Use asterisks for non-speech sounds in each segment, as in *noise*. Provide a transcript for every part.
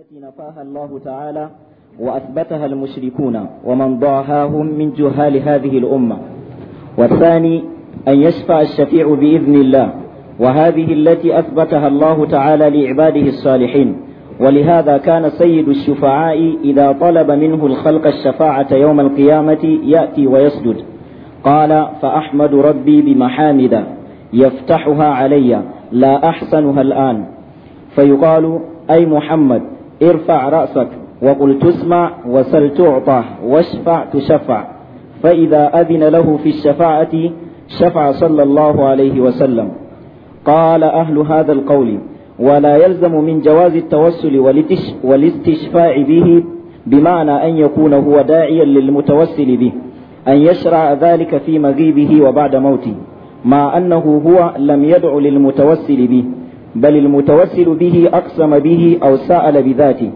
التي نفاها الله تعالى وأثبتها المشركون ومن ضاهاهم من جهال هذه الأمة والثاني أن يشفع الشفيع بإذن الله وهذه التي أثبتها الله تعالى لعباده الصالحين ولهذا كان سيد الشفعاء إذا طلب منه الخلق الشفاعة يوم القيامة يأتي ويسجد قال فأحمد ربي بمحامد يفتحها علي لا أحسنها الآن فيقال أي محمد ارفع رأسك وقل تسمع وسل تعطى واشفع تشفع فإذا أذن له في الشفاعة شفع صلى الله عليه وسلم قال أهل هذا القول ولا يلزم من جواز التوسل والاستشفاع به بمعنى أن يكون هو داعيا للمتوسل به أن يشرع ذلك في مغيبه وبعد موته مع أنه هو لم يدع للمتوسل به بل المتوسل به أقسم به أو سأل بذاته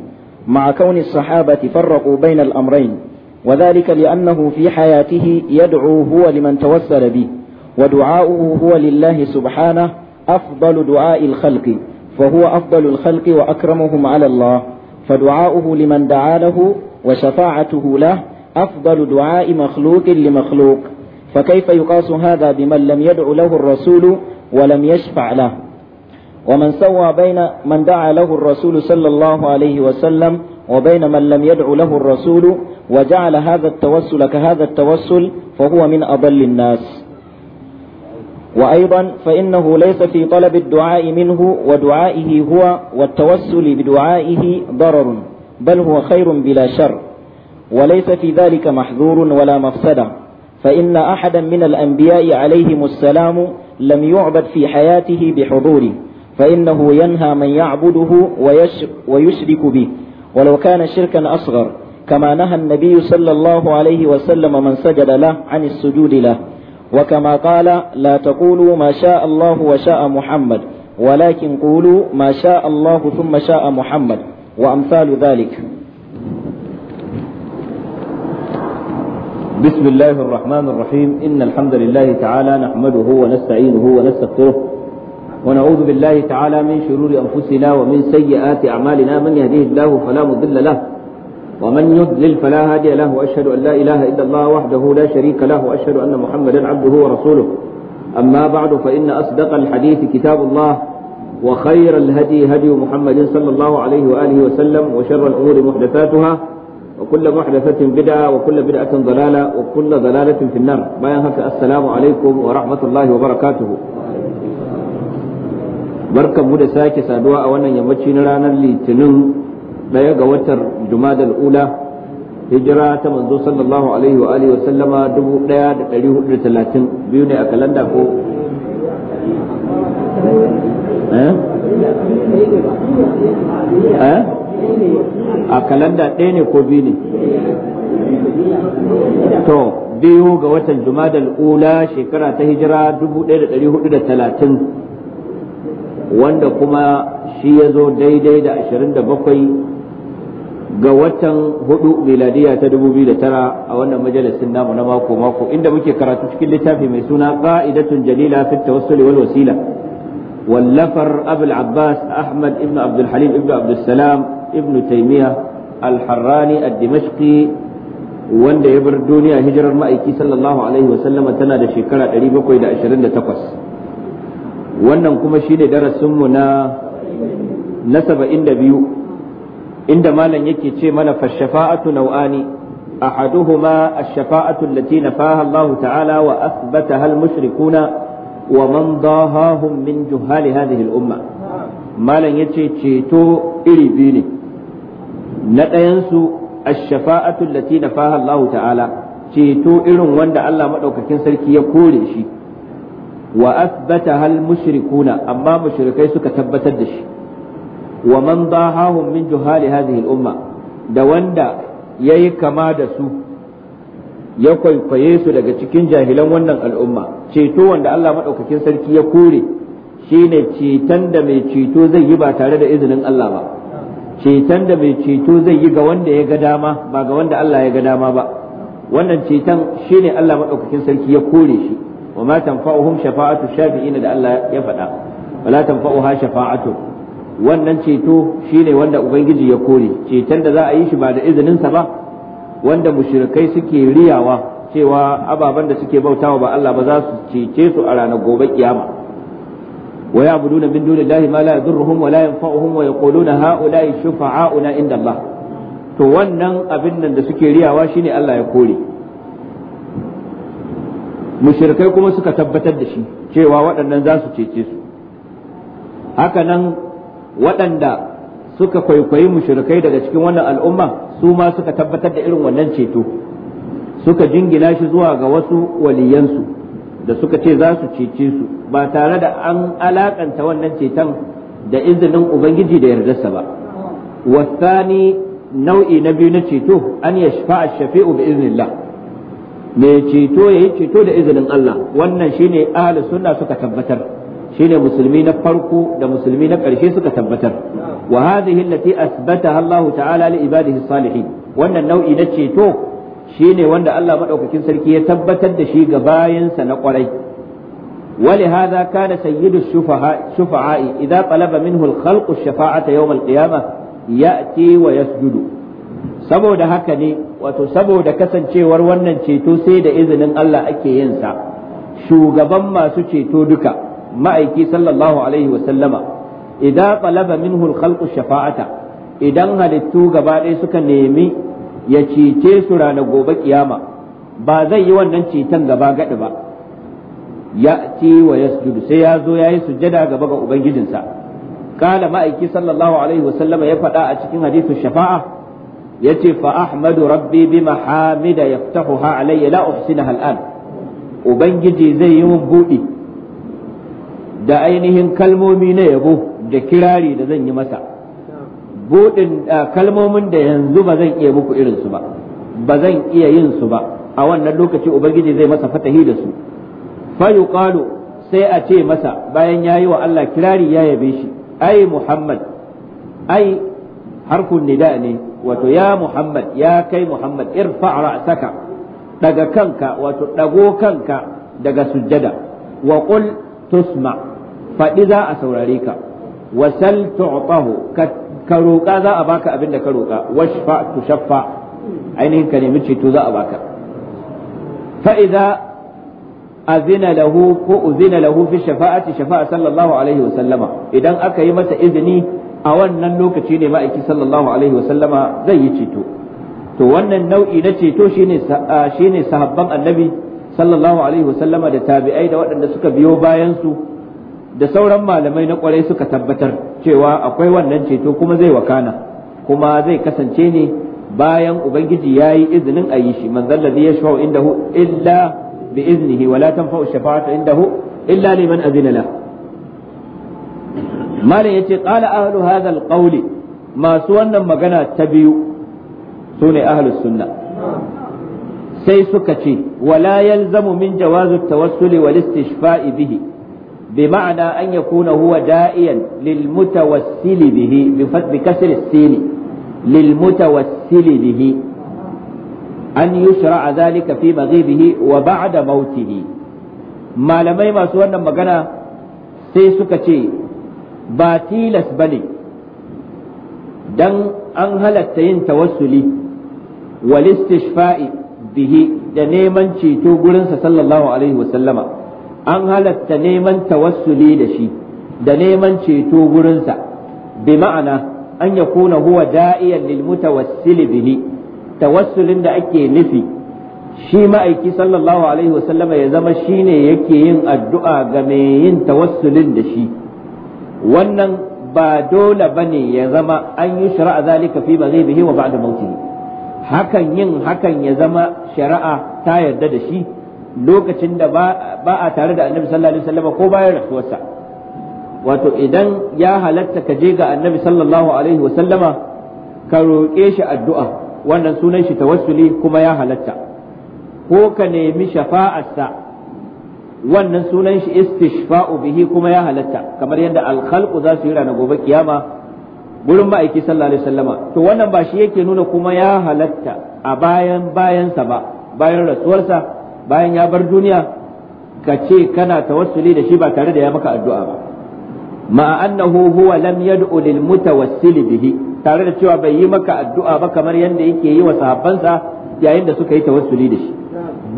مع كون الصحابة فرقوا بين الأمرين وذلك لأنه في حياته يدعو هو لمن توسل به ودعاؤه هو لله سبحانه أفضل دعاء الخلق فهو أفضل الخلق وأكرمهم على الله فدعاؤه لمن دعا له وشفاعته له أفضل دعاء مخلوق لمخلوق فكيف يقاس هذا بمن لم يدع له الرسول ولم يشفع له ومن سوى بين من دعا له الرسول صلى الله عليه وسلم وبين من لم يدع له الرسول وجعل هذا التوسل كهذا التوسل فهو من أضل الناس وأيضا فإنه ليس في طلب الدعاء منه ودعائه هو والتوسل بدعائه ضرر بل هو خير بلا شر وليس في ذلك محذور ولا مفسدة فإن أحدا من الأنبياء عليهم السلام لم يعبد في حياته بحضوره فإنه ينهى من يعبده ويشرك به ولو كان شركا أصغر كما نهى النبي صلى الله عليه وسلم من سجد له عن السجود له وكما قال لا تقولوا ما شاء الله وشاء محمد ولكن قولوا ما شاء الله ثم شاء محمد وأمثال ذلك بسم الله الرحمن الرحيم إن الحمد لله تعالى نحمده ونستعينه ونستغفره ونعوذ بالله تعالى من شرور أنفسنا ومن سيئات أعمالنا من يهديه الله فلا مضل له ومن يضلل فلا هادي له وأشهد أن لا إله إلا الله وحده لا شريك له وأشهد أن محمدا عبده ورسوله أما بعد فإن أصدق الحديث كتاب الله وخير الهدي هدي محمد صلى الله عليه وآله وسلم وشر الأمور محدثاتها وكل محدثة بدعة وكل بدعة ضلالة وكل ضلالة في النار ما السلام عليكم ورحمة الله وبركاته barkanmu da sake saduwa a wannan yammaci na ranar litinin daya ga watan jumadal ula hijira ta manzo sallallahu alaihi wa alihi wa sallama talatin, biyu ne a kalanda ko eh? Eh? a kalanda ɗaya ne ko biyu ne to biyu ga watan jumadal ula shekara ta hijira 1430 wanda kuma shi ya zo daidai da 27 ga watan hudu miladiya ta 2009 a wannan majalisin namu na mako mako inda muke karatu cikin littafi mai suna qa'idatun jalila fi tawassul wal wasila wallafar abul abbas ahmad ibn abdul halim ibn abdul salam ibn taymiya al-harrani ad-dimashqi wanda ya bar duniya hijirar ma'aiki sallallahu alaihi wa sallama tana da shekara 728 wannan kuma shine darasinmu na na saba'in da biyu inda malam yake ce mana fashafa'atu nau'ani ahaduhuma ash-shafa'atu allati nafaha Allah ta'ala wa athbataha al-mushrikuna wa man dahahum min juhali hadhihi al-umma malam yace ceto iri biyu ne na ɗayan su ash-shafa'atu allati nafaha Allah ta'ala ceto irin wanda Allah madaukakin sarki ya kore shi wa asbata hal mushrikuna amma mushrikai suka tabbatar da shi wa man dahahum min juhali hadhihi al umma da wanda yayi kama da su ya kwaikwaye su daga cikin jahilan wannan al'umma ceto wanda Allah madaukakin sarki ya kore shine ceton da mai ceto zai yi ba tare da izinin Allah ba ceton da mai ceto zai yi ga wanda ya ga dama ba ga wanda Allah ya ga dama ba wannan ceton shine Allah madaukakin sarki ya kore shi wa ma tanfa'uhum shafa'atu shafi'in da Allah ya faɗa wala shafa'atu wannan ceto shine wanda ubangiji ya kore ceton da za a yi shi ba da izinin sa ba wanda mushrikai suke riyawa cewa ababen da suke bautawa ba Allah ba za su cece su a ranar gobe kiyama wa ya'buduna min dunillahi ma la yadurruhum wa la yanfa'uhum wa yaquluna ha'ula'i shufa'a'una inda Allah to wannan abin nan da suke riyawa shine Allah ya kore mushrikai kuma suka tabbatar da shi cewa waɗannan za su cece su haka nan waɗanda suka kwaikwayi mushrikai daga cikin wannan al'umma su ma suka tabbatar da irin wannan ceto suka jingina shi zuwa ga wasu waliyansu da suka ce za su cece su ba tare da an alakanta wannan ceton da izinin ubangiji da yardarsa ba wasani nau'i na biyu na ceto an yashfa'a shafi'u bi iznillah mai ceto ya yi ceto da izinin Allah wannan shine ahli sunna suka tabbatar shine musulmi na farko da musulmi na ƙarshe suka tabbatar wa hadhihi allati asbataha Allah ta'ala li ibadihi salihin wannan nau'i na ceto shine wanda Allah madaukakin sarki ya tabbatar da shi ga bayansa na ƙwarai ولهذا كان سيد الشفعاء شفعاء إذا طلب منه الخلق الشفاعة يوم القيامة يأتي ويسجد saboda haka ne wato saboda kasancewar wannan ceto sai da izinin Allah ake yin sa shugaban masu ceto duka ma'aiki sallallahu alaihi wa sallama idan talaba minhu al shafa'ata idan halittu gaba ɗaya suka nemi ya cece su ranar gobe kiyama ba zai yi wannan ceton gaba gadi ba ya ci wa sai ya zo yayi sujjada gaba ga ubangijinsa kala ma'aiki sallallahu alaihi wa sallama ya faɗa a cikin hadithu shafa'a yace fa ahmadu rabbi bi mahamida yaftahuha alayya la uhsinaha al'an ubangiji zai yi min buɗi da ainihin kalmomi na yabo da kirari da zan yi masa buɗin kalmomin da yanzu ba zan iya muku irin su ba ba zan iya yin su ba a wannan lokaci ubangiji zai masa fatahi da su fa yuqalu sai a ce masa bayan ya yi wa Allah kirari ya yabe shi ai muhammad ai harfun nida ne wato ya muhammad ya kai muhammad irfa ra'saka daga kanka wato dago kanka daga sujjada wa qul tusma faɗi za a saurare ka wasal tu'tahu ka roƙa za a baka abin da ka roƙa washfa tushaffa ainihin ka nemi ceto za a baka fa idza azina lahu ko uzina lahu fi shafa'ati shafa'a sallallahu alaihi wa sallama idan aka yi masa izini a wannan lokaci ne ma'aiki sallallahu alaihi wasallama zai yi ceto to wannan nau'i na ceto shi ne sahabban annabi sallallahu alaihi wasallama da tabi'ai da waɗanda suka biyo bayan su da sauran malamai na kwarai suka tabbatar cewa akwai wannan ceto kuma zai wakana kuma zai kasance ne bayan ubangiji ya yi izinin a yi shi ya ladhi inda indahu illa bi iznihi wa tanfa'u shafa'atu indahu illa liman azina lahu malam yace qala ahlu hadha alqawl masu wannan magana ta biyu sune ahlus sunna sai suka ce wala yalzamu min jawazu tawassuli wal istishfa'i bihi بمعنى أن يكون هو داعيا للمتوسل به بكسر السين للمتوسل به أن يشرع ذلك في مغيبه وبعد موته ما لم يمسوا أن مغنى سيسك ba tilas ba ne don an halatta yin tawassuli wal istishfa'i bihi da neman ceto gurinsa sallallahu alaihi wasallama an halatta neman tawassuli da shi da neman ceto gurinsa bi ma'ana an ya kuna huwa da'iyan lil mutawassili bihi tawassulin da ake nufi shi ma'aiki sallallahu alaihi wasallama ya zama shine yake yin addu'a ga mai yin tawassulin da shi wannan ba dole bane ya zama an yi shari'a zalika fi maghibihi wa ba'da mautihi hakan yin hakan ya zama shari'a ta yarda da shi lokacin da ba a tare da annabi sallallahu alaihi wasallam ko bayan rasuwarsa wato idan ya halatta ka je ga annabi sallallahu alaihi ka roƙe shi addu'a wannan sunan shi tawassuli kuma ya halatta ko ka nemi shafa'arsa wannan sunan shi istishfa'u bihi kuma ya halatta kamar yadda alkhalqu za su yi rana gobe kiyama gurin ma'aiki sallallahu alaihi wasallama to wannan ba shi yake nuna kuma ya halatta a bayan bayansa ba bayan rasuwarsa bayan ya bar duniya ka ce kana tawassuli da shi ba tare da ya maka addu'a ba ma'a annahu huwa lam yad'u lil mutawassili bihi tare da cewa bai yi maka addu'a ba kamar yadda yake yi wa sahabbansa yayin da suka yi tawassuli da shi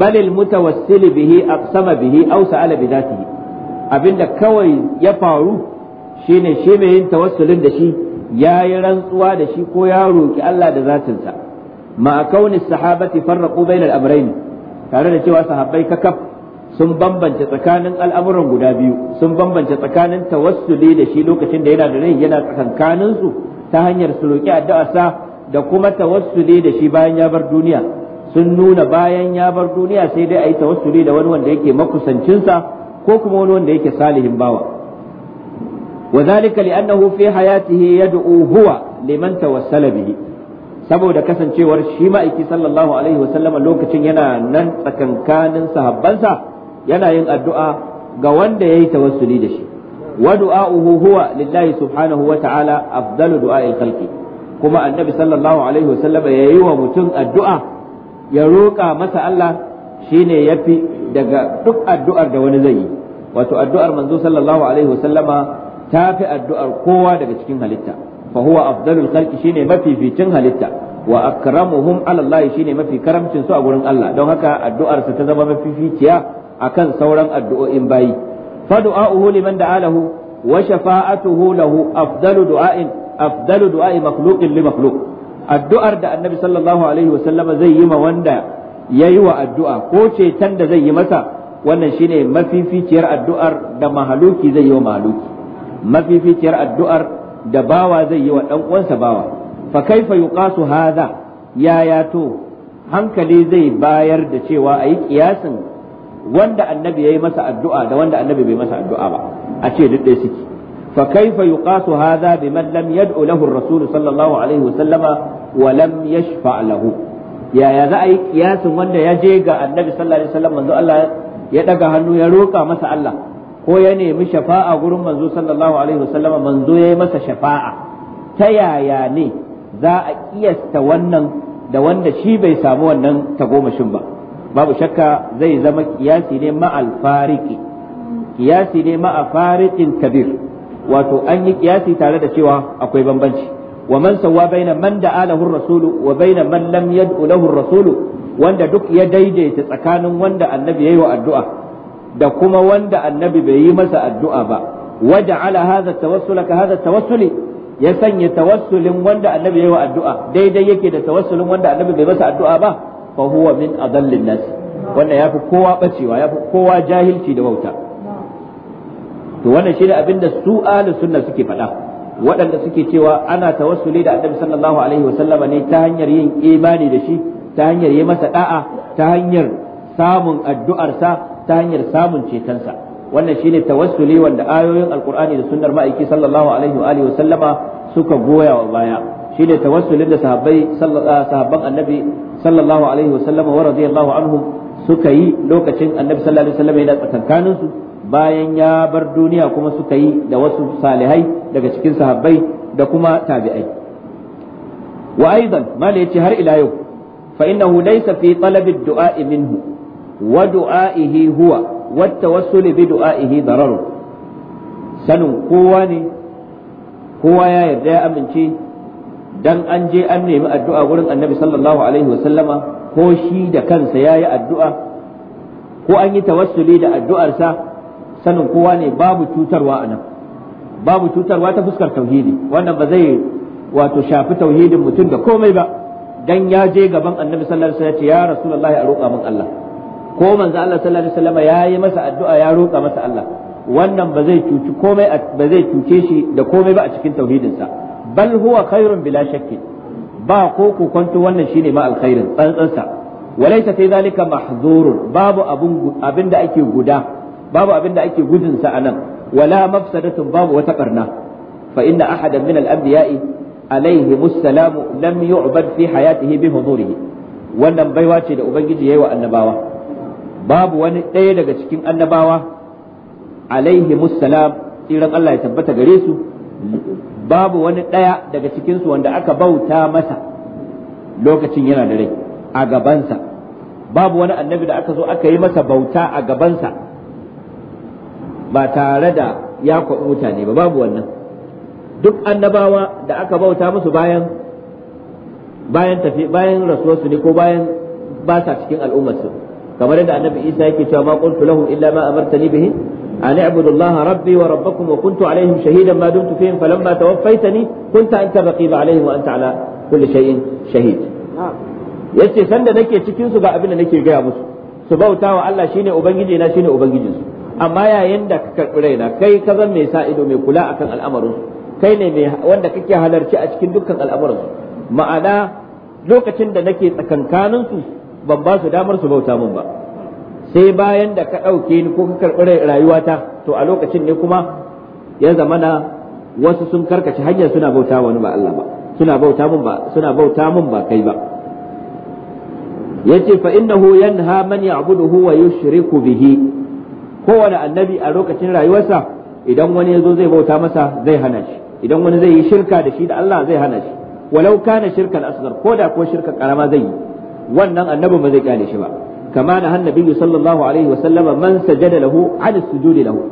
bal al mutawassil bihi aqsama bihi aw sa'ala bi dhatihi abinda kawai ya faru shine shi mai yin tawassulin da shi ya yi rantsuwa da shi ko ya roki Allah da zatinsa ma kauni sahabati farraqu bainal amrayn tare da cewa sahabbai kakaf sun bambance tsakanin al'amuran guda biyu sun bambance tsakanin tawassuli da shi lokacin da yana da rai yana tsakankanin su ta hanyar su roƙi addu'a sa da kuma tawassuli da shi bayan ya bar duniya sun nuna bayan ya bar duniya sai dai a yi tawassuli da wani wanda yake makusancinsa ko kuma wani wanda yake salihin bawa wa zalika li'annahu fi hayatihi yad'u huwa liman tawassala bihi saboda kasancewar shi ma'aiki sallallahu alaihi wasallama lokacin yana nan tsakankanin sahabbansa yana yin addu'a ga wanda yayi tawassuli da shi wa du'a'uhu huwa lillahi subhanahu wa ta'ala afdalu du'a'il khalqi kuma annabi sallallahu alaihi wasallama yayi wa mutum addu'a ya roƙa masa Allah shine yafi daga duk addu'ar da wani zai yi wato addu'ar manzo sallallahu alaihi wasallama ta fi addu'ar kowa daga cikin halitta fa huwa afdalul khalqi shine mafificin halitta wa akramuhum ala shine mafi karamcin su a gurin Allah don haka addu'ar ta zama mafificiya akan sauran addu'o'in bayi fa du'a'uhu liman da'alahu wa shafa'atuhu lahu afdalu du'a'in afdalu du'a'i makhluqin li makhluq addu'ar da annabi sallallahu alaihi wasallama zai yi ma wanda ya yi wa addu'a ko ceton da zai yi masa wannan shine mafificiyar addu'ar da mahaluki zai yi wa mahaluki mafificiyar addu'ar da bawa zai yi wa ɗan uwansa bawa fa kaifa yuqasu hadha ya yato hankali zai bayar da cewa a yi kiyasin wanda annabi ya yi masa addu'a da wanda annabi bai masa addu'a ba a ce duk ɗaya suke فكيف يقاس هذا بمن لم يدع له الرسول صلى الله عليه وسلم ولم يشفع له يا يا ذا أي قياس وند يجي النبي صلى الله عليه وسلم منذ الله هنو مسا الله ko ya nemi shafa'a gurin manzo sallallahu alaihi wasallama manzo ya yi masa shafa'a ta yaya ne za a kiyasta wannan da wanda shi bai samu wannan tagomashin ba babu shakka zai zama kiyasi ne ma fariki kiyasi ne kabir wato an yi kiyasi tare da cewa akwai bambanci wa man sawwa baina man da'a lahu rasulu wa baina man lam yad'u lahu rasulu wanda duk ya daidaita tsakanin wanda annabi yayi wa addu'a da kuma wanda annabi bai yi masa addu'a ba waja'ala hadha tawassula ka hadha tawassuli ya sanya tawassulin wanda annabi yayi wa addu'a daidai yake da tawassulin wanda annabi bai masa addu'a ba fa huwa min adallin nas wannan yafi kowa bacewa yafi kowa jahilci da wauta to wannan shine abin da su ahlus sunna suke faɗa waɗanda suke cewa ana tawassuli da annabi sallallahu alaihi wasallama ne ta hanyar yin imani da shi ta hanyar yi masa da'a ta hanyar samun addu'arsa ta hanyar samun cetonsa wannan shine tawassuli wanda ayoyin alkur'ani da sunnar ma'aiki sallallahu alaihi wa alihi sallama suka goya wa baya shine tawassulin da sahabbai ah, sahabban annabi sallallahu alaihi wa sallama wa radiyallahu anhum suka yi lokacin annabi sallallahu alaihi wa sallama yana tsakankanin su bayan ya bar duniya kuma suka yi da wasu salihai daga cikin sahabbai da kuma tabi'ai wa aidan mala yace har ila yau fa innahu laysa fi talabi dua minhu wa du'a'ihi huwa wa tawassul bi du'a'ihi darar sanin kowa ne kowa ya yarda ya amince dan an je an nemi addu'a gurin annabi sallallahu alaihi wa sallama ko shi da kansa yayi addu'a ko an yi tawassuli da addu'arsa sanin kowa ne babu cutarwa a nan babu cutarwa ta fuskar tauhidi wannan ba zai wato shafi tauhidin mutum da komai ba dan ya je gaban annabi sallallahu alaihi wasallam ya rasulullahi a roƙa min Allah ko manzo Allah sallallahu alaihi wasallam ya yi masa addu'a ya roƙa masa Allah wannan ba zai cuci komai ba zai cuce shi da komai ba a cikin tauhidinsa bal huwa khairun bila shakki ba ko ku wannan shine ma alkhairin tsantsansa walaysa fi zalika mahzurun babu abin da ake guda babu abin da ake gudun sa anan wala mafsadatun babu wata karna, fa inna ahadan min al-anbiya'i alayhi musallamu lam yu'bad fi hayatihi bi hudurihi wannan baiwa ce da ubangiji yayi wa annabawa babu wani ɗaya daga cikin annabawa alaihi musallam tsiran Allah ya tabbata gare su babu wani ɗaya daga cikinsu wanda aka bauta masa lokacin yana da rai a gabansa babu wani annabi da aka zo aka yi masa bauta a gabansa ba tare da ya kwaɓi mutane ba babu wannan duk annabawa da aka bauta musu bayan bayan tafi bayan rasuwarsu ne ko bayan ba sa cikin al'ummarsu kamar yadda annabi isa yake cewa ma qultu lahum illa ma amartani bihi an a'budu allaha rabbi wa rabbakum wa kuntu alaihim shahidan ma dumtu fihim falamma tawaffaytani kunta anta raqiba alaihim wa anta ala kulli shay'in shahid yace sanda nake cikin su ga abin da nake gaya musu su bauta wa Allah shine ubangiji na shine ubangijinsu amma yayin da ka karɓi raina kai ka zan mai sa ido mai kula akan al'amarin kai ne mai wanda kake halarci a cikin dukkan al'amarin ma'ana lokacin da nake tsakankanin su ban ba su damar su bauta min ba sai bayan da ka ɗauke ni ko ka karɓi rayuwata to a lokacin ne kuma ya zamana wasu sun karkace hanyar suna bauta wani ba Allah ba suna bauta min ba suna bauta min ba kai ba yace fa innahu yanha man ya'buduhu wa yushriku bihi kowane annabi a lokacin rayuwarsa idan wani yazo zai bauta masa zai hana shi idan wani zai yi shirka da shi da Allah zai hana shi walau kana shirkan asghar ko da ko shirka karama zai yi wannan annabi ba zai kyale shi ba kama na hannabi sallallahu alaihi wa sallama man sajada lahu ala sujudi lahu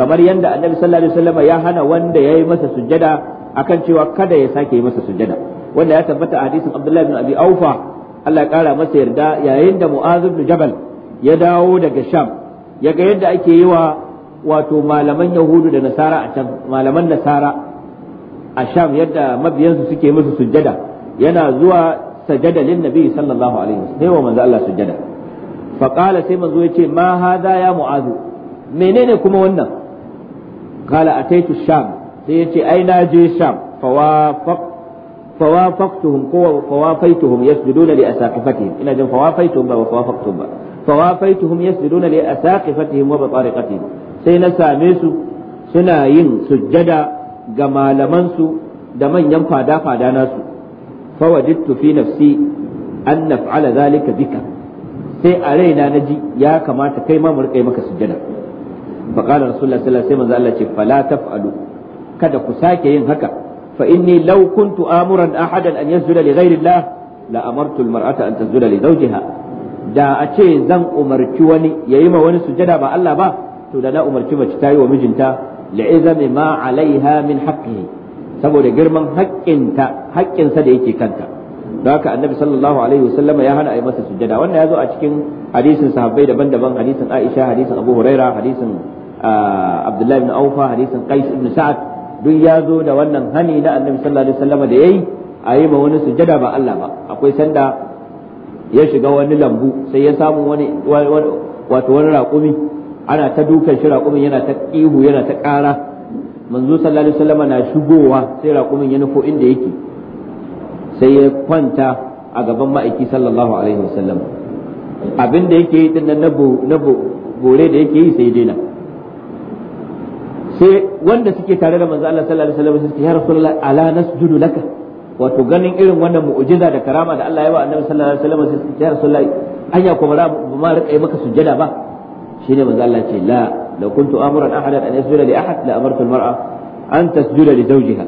kamar yanda annabi sallallahu alaihi wa sallama ya hana wanda ya yi masa sujada akan cewa kada ya sake yi masa sujada wanda ya tabbata a hadisin Abdullah ibn Abi Aufa Allah ya kara masa yarda yayin da Mu'adh ibn Jabal ya dawo daga Sham Yaga yadda ake yi wa wato malaman yahudu da nasara a can malaman nasara a sham yadda mabiyansu suke musu sujjada yana zuwa sajada lin nabi sallallahu alaihi wasallam wa manzo Allah sujjada fa qala sai manzo yace ma hadha ya mu'azu menene kuma wannan qala ataitu sham sai yace ai na je sham fawafaq fawafaqtuhum ko fawafaituhum yasjuduna li asaqifatihim ina jin fawafaitum ba fawafaqtum ba fawafai fawafaituhum yasjuduna li asaqifatihim wa batariqatihim sai na same su suna yin sujjada ga malamansu da manyan fada fada nasu fawajidtu fi nafsi an naf'ala zalika bika sai a na ji ya kamata kai ma mu rika maka sujjada fa qala rasulullah sallallahu alaihi wasallam Allah ce fala taf'alu kada ku sake yin haka fa inni law kuntu amuran ahadan an yasjuda li ghayri Allah la amartu al-mar'ata an tasjuda li zawjiha da a ce zan umarci wani yi ma wani sujada ba Allah ba to da na umarci mace ta yi wa mijinta li'izami ma alaiha min haqqihi saboda girman haƙƙinta haƙƙinsa da yake kanta don haka annabi sallallahu alaihi wasallam ya hana a yi masa sujada wannan ya zo a cikin hadisin sahabbai daban-daban hadisin Aisha hadisin Abu Huraira hadisin ah, Abdullahi ibn Awfa hadisin Qais ibn Sa'ad duk ya zo da wannan hani na annabi sallallahu alaihi wasallam da yayi a yi ma wani sujada ba Allah ba akwai sanda ya shiga wani lambu sai ya samu wani wato wani raƙumi ana ta dukan shi raƙumin yana ta ihu yana ta ƙara manzo sallallahu alaihi wasallam na shigowa sai raƙumin ya nufo inda yake sai ya kwanta a gaban ma'aiki sallallahu alaihi wasallam abin da yake yi din nan na bore da yake yi sai daina sai wanda suke tare da manzo Allah sallallahu alaihi wasallam sai ya rasulullah ala nasjudu laka wato ganin irin wannan mu'ujiza da karama da Allah ya ba annabi sallallahu alaihi wasallam sai su ya rasulullahi anya ko bara ma rika maka sujjada ba shine manzo Allah ce la law kuntu amuran ahadan an yasjuda li ahad la amartu al-mar'a an tasjuda li zawjiha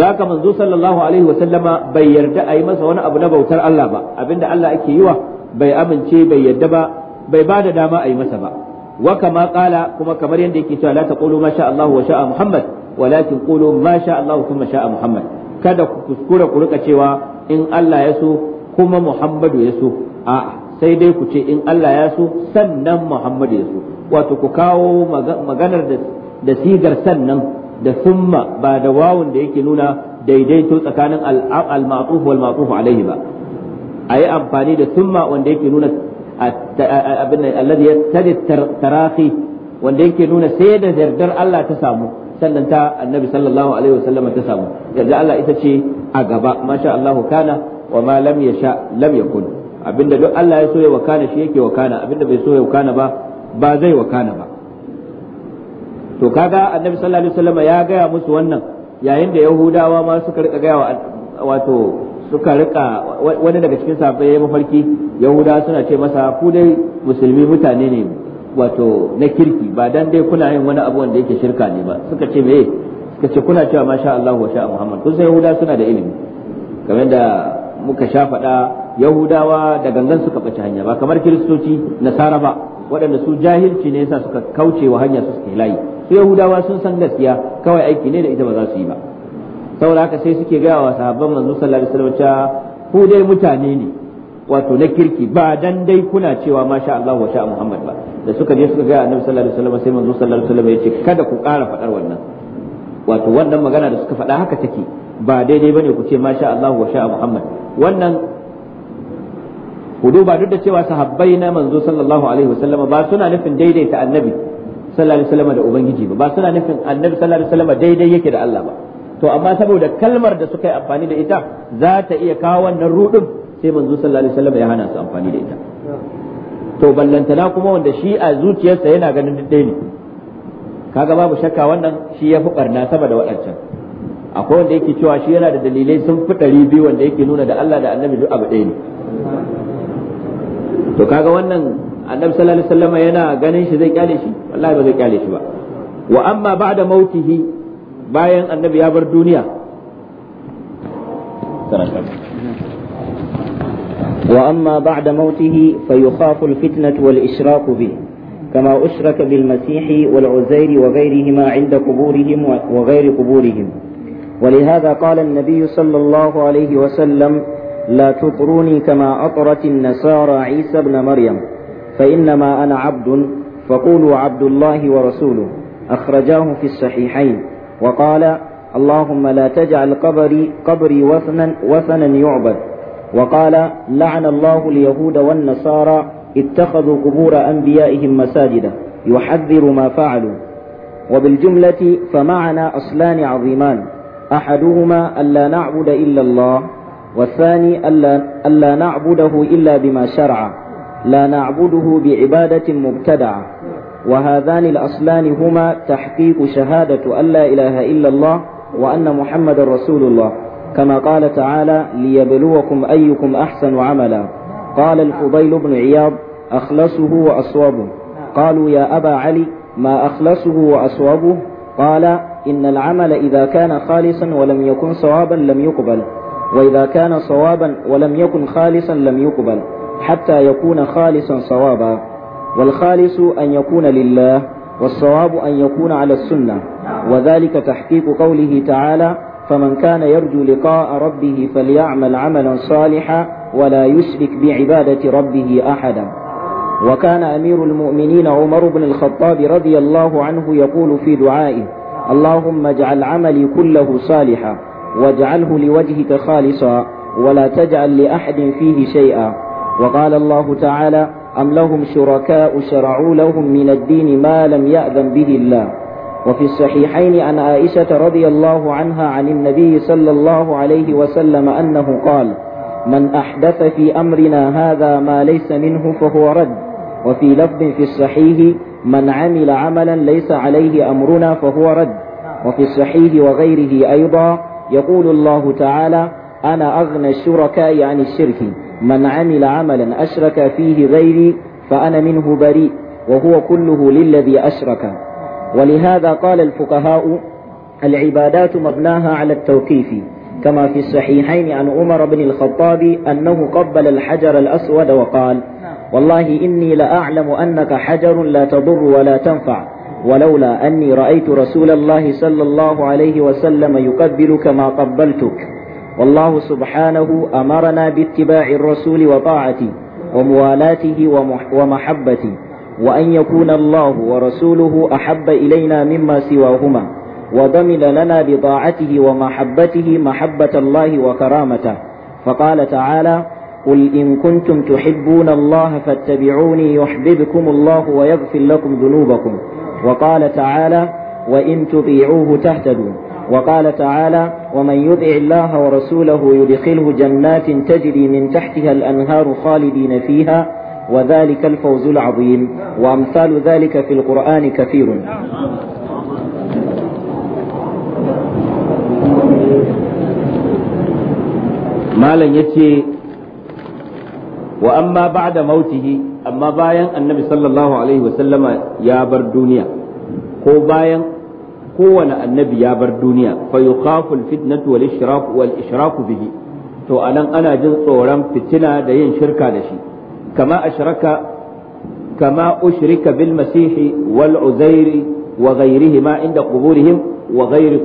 da haka manzo sallallahu alaihi wasallama bai yarda a yi masa wani abu na bautar Allah ba abinda Allah ake yi wa bai amince bai yarda ba bai ba da dama a yi masa ba wa kama kala kuma kamar yadda yake cewa la taqulu ma sha Allah wa sha'a Muhammad walakin kolo ma sha Allah kuma sha Muhammad kada ku kuskura ku rika cewa in Allah ya so kuma Muhammadu ya so a'a sai dai ku ce in Allah ya so sannan Muhammadu ya so wato ku kawo maganar da sigar sannan da summa ba da wawun da yake nuna daidaito tsakanin al-ma'tuf wal ma'tuf alaihi ba ayi amfani da summa wanda yake nuna abin alladhi yattadi tarahi wanda yake nuna sai da yardar Allah ta samu sannan ta annabi sallallahu alaihi wasallam ta samu yanzu Allah ita ce a gaba masha allahu kana wa ma lam yasha lam yakun abinda duk Allah ya so ya wakana shi yake wakana abinda bai so ya wakana ba ba zai wakana ba to kaga annabi sallallahu alaihi wasallam ya gaya musu wannan yayin da yahudawa ma suka rika gaya wato suka rika wani daga cikin sahabbai ya mafarki yahudawa suna ce masa ku dai musulmi mutane ne wato na kirki ba dan dai kuna yin wani abu wanda yake shirka ne ba suka ce meye suka ce kuna cewa masha Allah wa sha Muhammad kun sai Yahuda suna da ilimi kamar da muka sha faɗa Yahudawa da gangan suka ɓace hanya ba kamar Kiristoci Nasara ba waɗanda su jahilci ne yasa suka kauce wa hanya su suke layi su Yahudawa sun san gaskiya kawai aiki ne da ita ba za su yi ba saboda haka sai suke gaya wa sahabban manzo sallallahu alaihi wasallam ku dai mutane ne wato na kirki ba dan dai kuna cewa masha Allah wa sha Muhammad ba da suka je suka ga Annabi sallallahu alaihi wasallam sai manzo sallallahu alaihi wasallam ya ce kada ku ƙara faɗar wannan wato wannan magana da suka faɗa haka take ba daidai bane ku ce masha Allah wa sha Muhammad wannan hudu ba duk da cewa sahabbai na manzo sallallahu alaihi wasallam ba suna nufin daidaita annabi sallallahu alaihi wasallam da ubangiji ba ba suna nufin annabi sallallahu alaihi wasallam daidai yake da Allah ba to amma saboda kalmar da suka yi amfani da ita za ta iya kawo wannan rudin sai manzo sallallahu alaihi wasallam ya hana su amfani da ita to ballantana kuma wanda shi a zuciyarsa yana ganin ɗaya ne kaga babu shakka wannan shi ya fi barna sama da waɗancan akwai wanda yake cewa shi yana da dalilai sun fi ɗari biyu wanda yake nuna da Allah da annabi duk abu ɗaya ne to kaga wannan annabi sallallahu alaihi wasallam yana ganin shi zai kyale shi wallahi ba zai kyale shi ba wa amma ba'da mautihi bayan annabi ya bar duniya وأما بعد موته فيخاف الفتنة والإشراك به كما أشرك بالمسيح والعزير وغيرهما عند قبورهم وغير قبورهم ولهذا قال النبي صلى الله عليه وسلم لا تطروني كما أطرت النصارى عيسى ابن مريم فإنما أنا عبد فقولوا عبد الله ورسوله أخرجاه في الصحيحين وقال اللهم لا تجعل قبري قبري وثنا وثنا يعبد وقال لعن الله اليهود والنصارى اتخذوا قبور أنبيائهم مساجدا يحذر ما فعلوا وبالجملة فمعنا أصلان عظيمان أحدهما ألا نعبد إلا الله والثاني ألا, نعبده إلا بما شرع لا نعبده بعبادة مبتدعة وهذان الأصلان هما تحقيق شهادة أن لا إله إلا الله وأن محمد رسول الله كما قال تعالى ليبلوكم أيكم أحسن عملا قال الفضيل بن عياض أخلصه وأصوبه قالوا يا أبا علي ما أخلصه وأصوبه قال إن العمل إذا كان خالصا ولم يكن صوابا لم يقبل وإذا كان صوابا ولم يكن خالصا لم يقبل حتى يكون خالصا صوابا والخالص أن يكون لله والصواب أن يكون على السنة وذلك تحقيق قوله تعالى فمن كان يرجو لقاء ربه فليعمل عملا صالحا ولا يشرك بعبادة ربه أحدا وكان أمير المؤمنين عمر بن الخطاب رضي الله عنه يقول في دعائه اللهم اجعل عملي كله صالحا واجعله لوجهك خالصا ولا تجعل لأحد فيه شيئا وقال الله تعالى أم لهم شركاء شرعوا لهم من الدين ما لم يأذن به الله وفي الصحيحين عن عائشة رضي الله عنها عن النبي صلى الله عليه وسلم أنه قال من أحدث في أمرنا هذا ما ليس منه فهو رد وفي لفظ في الصحيح من عمل عملا ليس عليه أمرنا فهو رد وفي الصحيح وغيره أيضا يقول الله تعالى أنا أغنى الشركاء عن الشرك من عمل عملا أشرك فيه غيري فأنا منه بريء وهو كله للذي أشرك ولهذا قال الفقهاء العبادات مبناها على التوقيف كما في الصحيحين عن عمر بن الخطاب أنه قبل الحجر الأسود وقال والله إني لأعلم أنك حجر لا تضر ولا تنفع ولولا أني رأيت رسول الله صلى الله عليه وسلم يقبلك ما قبلتك والله سبحانه أمرنا باتباع الرسول وطاعته وموالاته ومحبته وأن يكون الله ورسوله أحب إلينا مما سواهما وضمن لنا بطاعته ومحبته محبة الله وكرامته فقال تعالى قل إن كنتم تحبون الله فاتبعوني يحببكم الله ويغفر لكم ذنوبكم وقال تعالى وإن تطيعوه تهتدوا وقال تعالى ومن يطع الله ورسوله يدخله جنات تجري من تحتها الأنهار خالدين فيها وذلك الفوز العظيم وأمثال ذلك في القرآن كثير malam ya ce wa amma ba da mautihi amma bayan annabi sallallahu ya bar duniya ko bayan kowane annabi ya bar duniya fa fitnatu wal ishraku wal bihi to anan ana jin tsoron fitina da yin shirka da shi kama ashraka kama ushrika bil masihi wal uzairi wa inda quburihim wa ghairi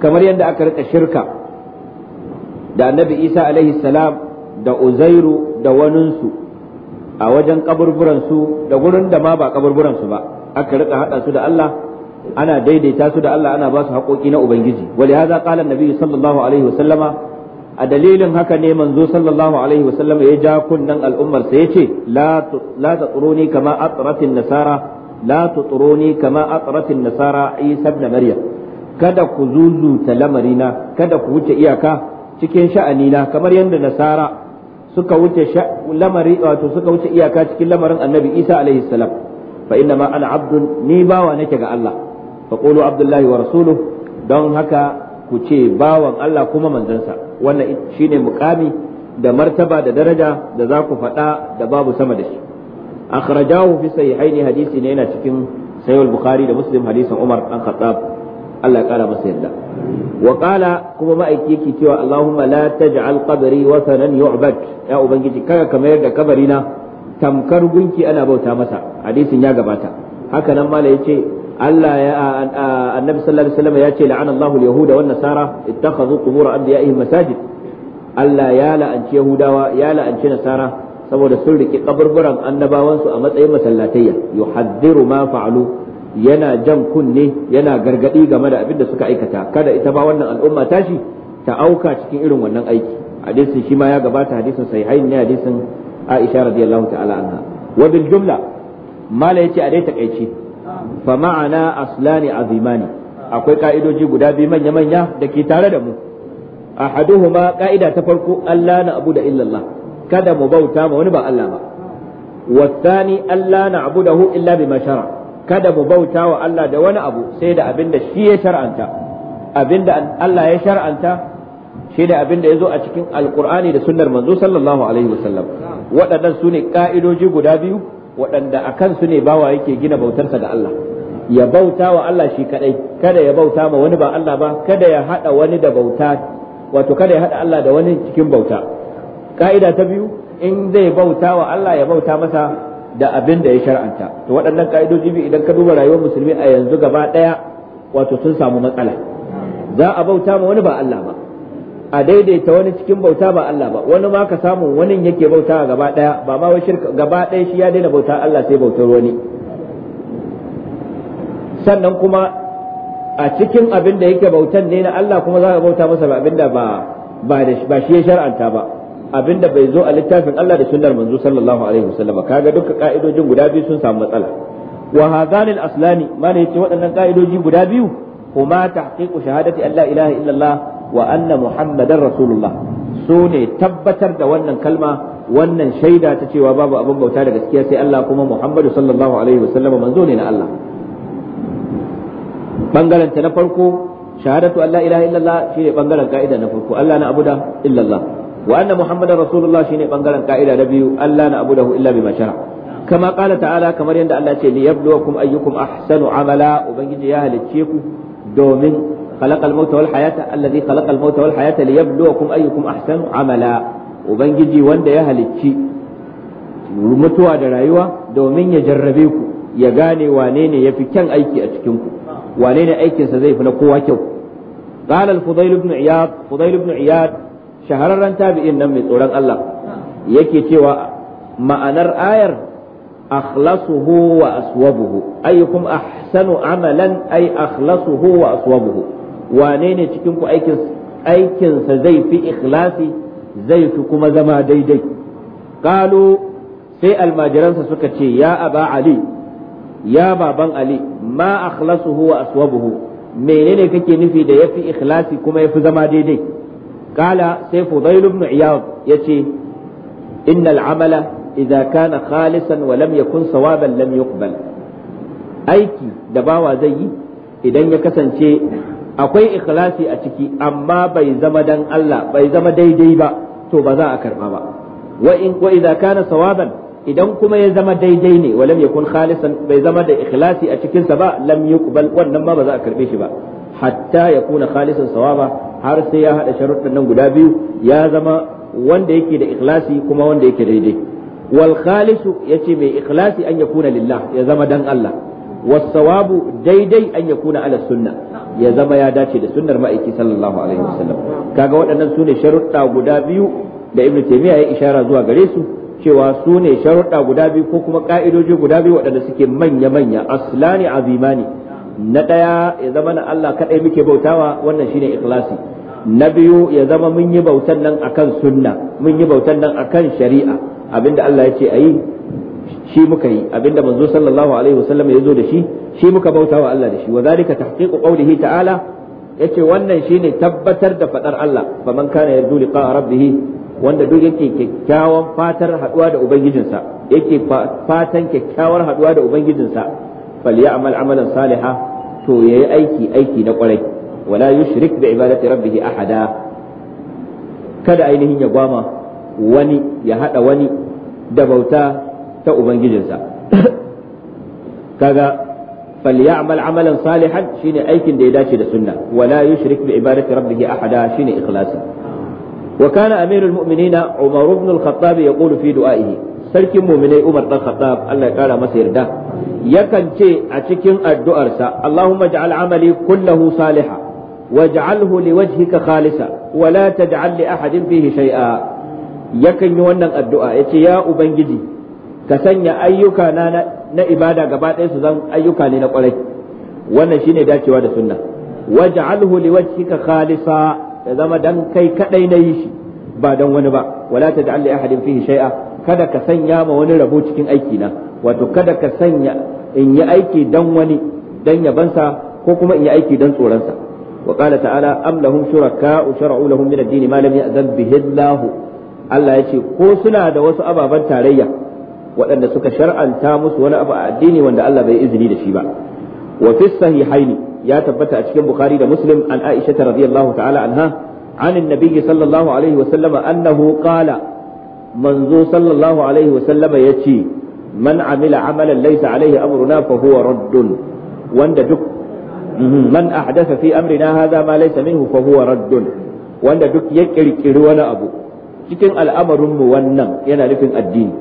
kamar yadda aka rika shirka da annabi isa alaihi salam da uzairu da waninsu a wajen kaburburansu da gurin da ma ba kaburburansu ba aka rika hada su da Allah ana daidaita su da Allah ana basu haƙoƙi na ubangiji wali hadha qala a dalilin haka ne manzo sallallahu alaihi wasallam ya ja kunnan al'ummar sa yace la la tatruni kama atratin nasara la tutruni kama atratin nasara isa ibn maryam kada ku zuzuta lamarina kada ku wuce iyaka cikin sha'anina kamar yadda nasara suka wuce lamari wato suka wuce iyaka cikin lamarin annabi isa alaihi salam fa inna ma ana abdun ni bawa nake ga Allah fa qulu abdullahi wa rasuluhu don haka ku ce bawan Allah kuma manzansa wannan shine mukami da martaba da daraja da za ku faɗa da babu sama da shi akhrajahu fi sahihaini hadisi ne yana cikin sahih bukhari da muslim hadisin umar dan khattab Allah ya kara masa yadda wa qala kuma ma'aiki yake cewa Allahumma la taj'al qabri wathanan yu'bad ya ubangiji kaga kamar da kabari na tamkar gunki ana bauta masa hadisin ya gabata haka nan mala yace Allah ya annabi sallallahu alaihi ya ce la'ana Allahu al-yahuda wan nasara ittakhadhu qubur anbiya'ihim masajid Allah ya la'anci yahudawa ya la'anci nasara saboda sun riki kaburburan annabawansu a matsayin masallatayya yuhadhiru ma fa'alu yana jan kunne yana gargadi game da abin suka aikata kada ita ba wannan al'umma shi ta auka cikin irin wannan aiki hadisin shi ma ya gabata hadisin sahihain ne hadisin Aisha radiyallahu ta'ala anha wa bil jumla mala yace a dai takeici fa ma'ana aslani azimani akwai ka'idoji guda biyu manya manya da ke tare da mu ahaduhuma ka'ida ta farko Allah na abuda illallah kada mu bauta ma wani ba Allah ba wasani Allah na abu hu illa bi shara kada mu bauta wa Allah da wani abu sai da abinda shi ya shar'anta Abinda Allah ya shar'anta shi da abinda da ya zo a cikin alkur'ani da sunnar manzo sallallahu alaihi wasallam waɗannan su ka'idoji guda biyu waɗanda a kansu ne bawa yake gina bautarsa ga Allah ya bauta wa Allah shi kadai kada ya bauta ma wani ba Allah ba kada ya hada wani da bauta wato kada ya hada Allah da wani cikin bauta ka'ida ta biyu in zai bauta wa Allah ya bauta masa da abin da ya shar'anta to waɗannan ka'idoji biyu idan ka duba rayuwar musulmi a yanzu gaba ɗaya wato sun samu matsala za a bauta ma wani ba Allah ba a daidaita wani cikin bauta ba Allah ba wani ma ka samu wani yake bauta gaba daya ba ma wai shirka gaba daya shi ya daina bauta Allah sai bautar wani sannan kuma a cikin abin da yake bautan ne na Allah kuma za ka bauta masa ba abin da ba ba shi ya shar'anta ba abin da bai zo a littafin Allah da sunnar manzo sallallahu alaihi wasallam kaga duka ka'idojin guda biyu sun samu matsala wa hadhanil aslani mana yace waɗannan ka'idoji guda biyu huma tahqiqu shahadati an la ilaha illallah wa anna muhammadar rasulullah su ne tabbatar da wannan kalma wannan shaida ta cewa babu abin bauta da gaskiya sai Allah kuma Muhammadu sallallahu alaihi wasallam manzo ne na Allah bangaren ta na farko shahadatu allah la ilaha illallah shine bangaren ka'ida na farko Allah na abuda illallah wa anna muhammadar rasulullah shine bangaren ka'ida na biyu Allah na abudahu illa bima shara kama qala ta'ala kamar yadda Allah ce liyabluwakum ayyukum ahsanu amala ubangiji ya halicce ku domin khalaqal mauta wal hayata allazi khalaqal mauta wal hayata liyabluwakum ayyukum ahsanu amala ubangiji wanda ya halicci mutuwa da rayuwa domin ya jarrabe ku ya gane wane ne yafi kyan aiki a cikin ku wane ne aikinsa zai fi na kowa kyau قال الفضيل بن عياض فضيل بن shahararren tabi'in nan mai tsoron Allah yake cewa ma'anar ayar akhlasuhu wa aswabuhu ayyukum ahsanu amalan ay akhlasuhu wa aswabuhu wane ne cikin aikinsa zai fi ikhlasi zai fi kuma zama daidai qalu sai almajiransa suka ce ya aba ali ya baban ali ma akhlasuhu wa aswabuhu menene kake nufi da yafi ikhlasi kuma yafi zama daidai qala sai fudail ibn iyad yace innal amala idza kana khalisan wa lam yakun sawaban lam yuqbal aiki da bawa zai yi idan ya kasance akwai ikhlasi a ciki amma bai zama dan Allah bai zama daidai ba to ba za a karba ba wa in wa idza kana sawaban idan kuma ya zama daidai ne wa walam yakun khalisan bai zama da ikhlasi a cikin sa ba lam yuqbal wannan ma ba za a karbe shi ba hatta ya kuna khalisan sawaba har sai ya hada sharuɗan nan guda biyu ya zama wanda yake da ikhlasi kuma wanda yake daidai wal ya ce mai ikhlasi an yakuna lillah ya zama dan Allah was sawabu daidai an yakuna ala sunna ya zama ya dace da sunnar ma'aiki sallallahu alaihi kaga waɗannan sune sharuɗa guda biyu da ibnu taymiya ya ishara zuwa gare su cewa su ne sharuɗa guda biyu ko kuma ka'idoji guda biyu waɗanda suke manya manya aslani azimani na ɗaya ya zama na Allah kaɗai muke bautawa wannan shine ikhlasi na biyu ya zama mun yi bautan nan akan sunna mun yi bautan nan akan shari'a abinda Allah ya ce a yi shi muka yi abinda manzo sallallahu alaihi wasallam ya zo da shi shi muka bauta wa Allah da shi wa zalika tahqiqu qawlihi ta'ala yace wannan shine tabbatar da fadar Allah faman kana yarju liqa rabbih wanda duk yake kyakkyawan fatar haduwa da ubangijinsa yake fatan kyakkyawar haduwa da ubangijinsa falyamal amalan saliha to yayi aiki aiki na kwarai wala yushrik bi ibadati rabbih ahada kada ainihin ya gwama wani ya hada wani da bauta ta ubangijinsa *coughs* kaga falyamal amalan salihan shine aikin da ya dace da sunna wala yushrik bi ibadati rabbih ahada shine ikhlasi wa kana amirul mu'minina umar ibn al-khattab yaqulu fi du'aihi sarkin mu'minai umar dan khattab Allah ya kara masa yarda yakan ce a cikin addu'arsa allahumma ja'al amali kullahu salihan waj'alhu liwajhika khalisa wala la taj'al li ahadin fihi shay'a yakan yi wannan addu'a ya ce ya ubangiji ka sanya ayyuka na na ibada gaba ɗaya su zan ayyuka ne na kwarai wannan shine dacewa da sunna waj'alhu liwajhika khalisa ya zama dan kai kadai na yi shi ba dan wani ba wala ta li ahadin fihi shay'a kada ka sanya ma wani rabo cikin aiki na wato kada ka sanya in yi aiki don wani dan yabansa ko kuma in yi aiki dan tsoronsa wa qala ta'ala am lahum shuraka'u shar'u lahum min ad-din ma lam ya'zan bihi Allah ya ce ko suna da wasu ababen tarayya waɗanda suka shar'anta musu wani abu a addini wanda Allah bai izini da shi ba wa fi sahihaini ya tabbata a cikin bukhari da muslim an aisha radiyallahu ta'ala anha عن النبي صلى الله عليه وسلم أنه قال منذ صلى الله عليه وسلم يتي من عمل عملا ليس عليه أمرنا فهو رد وند دك fi amrina في ma هذا ما fa huwa فهو wanda duk ya يكركر wani abu. cikin al'amarinmu wannan yana nufin addini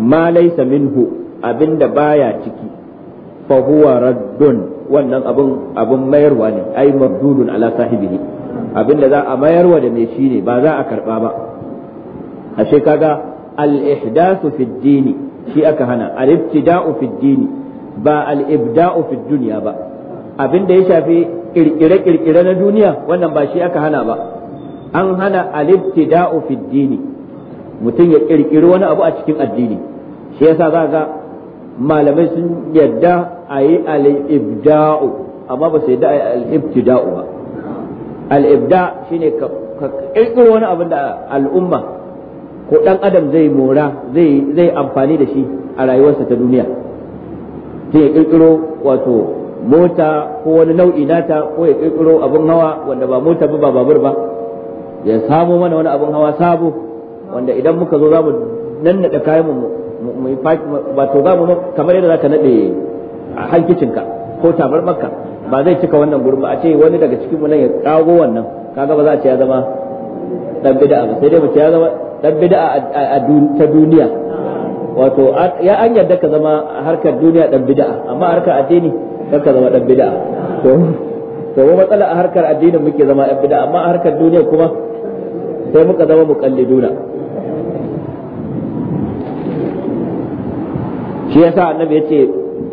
ma laysa minhu abinda baya ciki fa huwa raddun wannan abin abin mayarwa ne ai mardudun ala sahibihi abinda za a mayarwa da mai shine ne ba za a karba ba ashe kaga al-ihdathu fi shi aka hana al-ibtida'u fi ba al-ibda'u fi dunya ba abinda ya shafi kirkire-kirkire na duniya wannan ba shi aka hana ba an hana alibtida'u ibtidau fi dini mutum ya kirkiri wani abu a cikin addini shi yasa za ga malamai sun yadda a yi al-ibda'u amma ba su yadda a yi al-ibtida'u ba al-ibda shine ka kirkiri wani abu da al'umma ko dan adam zai mora zai zai amfani da shi a rayuwarsa ta duniya sai ya kirkiro wato mota ko wani nau'i nata ko ya kirkiro abin hawa wanda ba mota ba ba babur ba ya samo mana wani abin hawa sabo wanda idan muka zo zamu nannade kayan mu mu ba to zamu kamar yadda zaka nade hankicinka ko makka ba zai cika wannan gurbi a ce wani daga cikin mu nan ya kago wannan kaga ba za a ce ya zama dan bid'a ba sai dai mu ce ya zama dan bid'a ta duniya wato ya an yarda ka zama harkar duniya dan bid'a amma harkar addini kar ka zama dan bid'a to to matsala a harkar addinin muke zama yan bid'a amma a harkar duniya kuma sai muka zama muqalliduna shi yasa annabi yace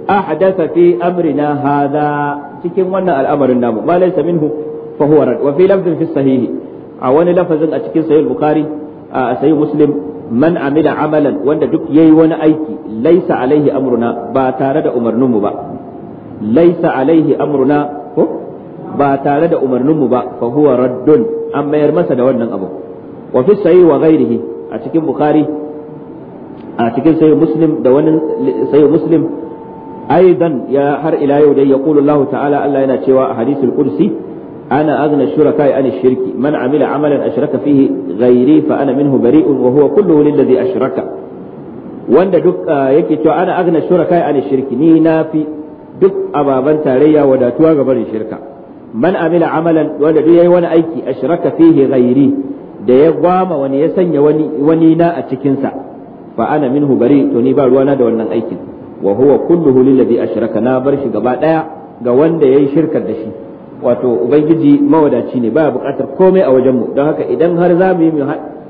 ahdatha fi amrina hadha cikin wannan al'amarin namu ma laysa minhu fa huwa rad wa fi lafzin fi sahih a wani lafazin a cikin sahih bukhari a sahih muslim man amila amalan wanda duk yayi wani aiki laysa alaihi amruna ba tare da umarninmu ba laysa alaihi amruna ko ba tare da umarninmu ba fa huwa raddun an mayar masa da wannan abu wa fi sahih wa ghairihi a cikin bukhari a cikin sahih muslim da wani sahih muslim aidan ya har ila yau dai yaqulu Allah ta'ala Allah yana cewa a hadisul qudsi ana aghna shuraka an shirki man amila amalan ashraka fihi ghairi fa ana minhu bari'un wa huwa kulluhu lilladhi ashraka wanda duk yake cewa ana aghna shuraka an shirki ni nafi duk ababan tarayya wadatuwa ga barin shirka man amila amalan wanda duk yayi wani aiki ashraka fihi ghairi da ya gwama wani ya sanya wani wani na a cikin sa fa ana minhu bari to ni ba na da wannan aikin wa huwa kulluhu lillazi ashraka na bar shi gaba daya ga wanda yayi shirkar da shi wato ubangiji mawadaci ne ba buƙatar komai a wajen mu don haka idan har za mu yi mu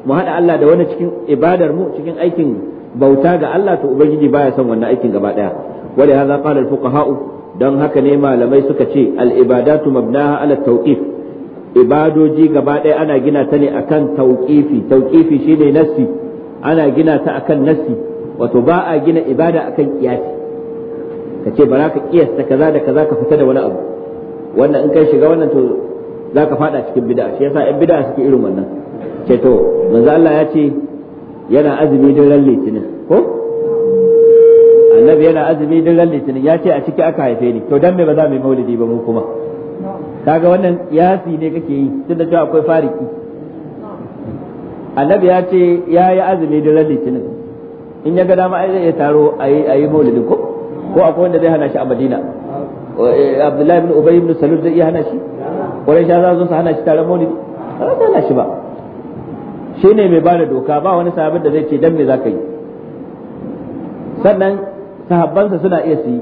haɗa Allah da wani cikin ibadar mu cikin aikin bauta ga Allah to ubangiji baya son wannan aikin gaba ɗaya ولهذا قال الفقهاء don haka ne malamai suka ce al'ibadatu mabnaha ala tauƙif ibadoji gaba ɗaya ana gina ta ne akan tauƙifi tauƙifi shine nassi ana gina ta akan nassi wato ba a gina ibada akan kiyasi ka ce bara ka kiyasta kaza da kaza ka fita da wani abu wannan in kai shiga wannan to za ka fada cikin bid'a shi yasa yan bid'a suke irin wannan to Allah ya ce yana azumi duk ran litinin ko annabi yana azumi din ran litinin ya ce a ciki aka haife ni to dan me ba za mu yi maulidi ba mu kuma kaga wannan yasi ne kake yi tunda cewa akwai fariki annabi ya ce ya yi azumi din ran litinin in ya ga dama ai zai iya taro a yi maulidi ko ko akwai wanda zai hana shi a madina abdullahi ibn ubay ibn salul zai iya hana shi ƙwarai sha za su hana shi taron maulidi ba za hana shi ba shi ne mai bada doka ba wani sabon da zai ce dan me za ka yi sannan sahabbansa suna iya su yi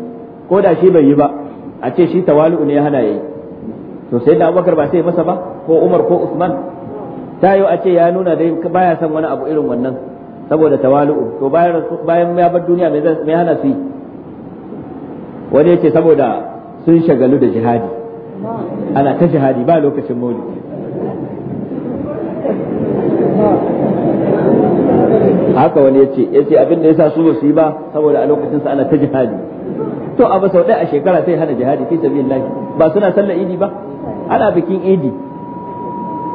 ko da shi bai yi ba a ce shi tawali'u ne ya hana yayi to sai da Abubakar ba sai masa ba ko Umar ko Usman ta yi a ce ya nuna dai baya son wani abu irin wannan saboda tawali'u to bayan ya bar duniya me hana su yi wani yace saboda sun shagalu da jihadi ana ta jihadi ba lokacin maulidi haka wani ya ya ce abin da ya sa su ba su yi ba saboda a lokacin sa ana ta jihadi to a sau ɗaya a shekara sai hana jihadi fi sabilillah ba suna sallar idi ba ana bikin idi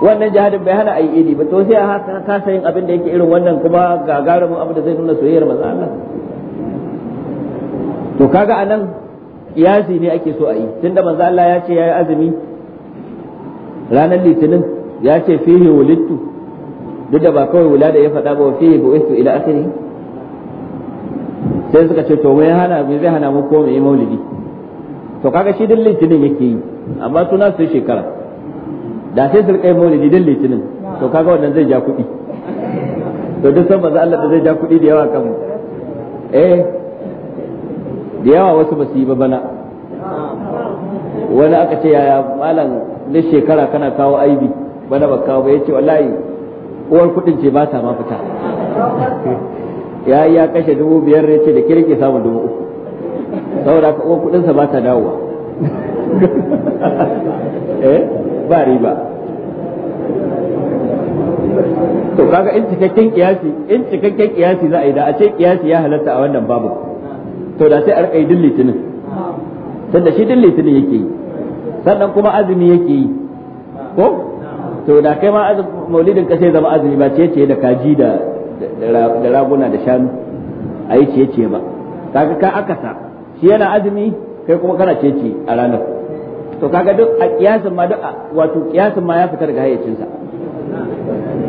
wannan jihadin bai hana ayi idi ba to sai a kasa yin abin da yake irin wannan kuma ga gagarumin abu da zai nuna soyayyar maza Allah to kaga anan kiyasi ne ake so a yi tunda manzo Allah ya ce yayi azumi ranar litinin ya ce fihi wulittu duk da ba kawai wula da ya faɗa ba bu isu ila akhiri sai suka ce to mai hana mai zai hana mu ko mu yi maulidi to kaga shi din litinin yake yi amma suna su shekara da sai su kai maulidi din litinin to kaga wannan zai ja kuɗi to duk san manzo Allah da zai ja kuɗi da yawa kan eh da yawa wasu ba su yi ba bana wani aka ce yaya malam na shekara kana kawo aibi bana ba kawo ba ce wallahi uwar kuɗin ce ba ta ma fita ya yi ya kashe dubu biyar ne ce da kirki samun dubu uku saboda ka uwar sa ba ta dawowa *laughs* eh ba riba to kaga in cikakken kiyasi in cikakken kiyasi za a yi da a ce kiyasi ya halatta a wannan babu to da sai a rika yi din litinin sanda shi din litinin yake yi sannan kuma azumi yake yi ko to da kai ma maulidin ka sai zama azumi ba ce ce da kaji da da raguna da shanu a yi ce ce ba kaga ka sa. shi yana azumi kai kuma kana ce ce a ranar to kaga duk a kiyasin ma duk wato kiyasin ma ya fita daga hayyacinsa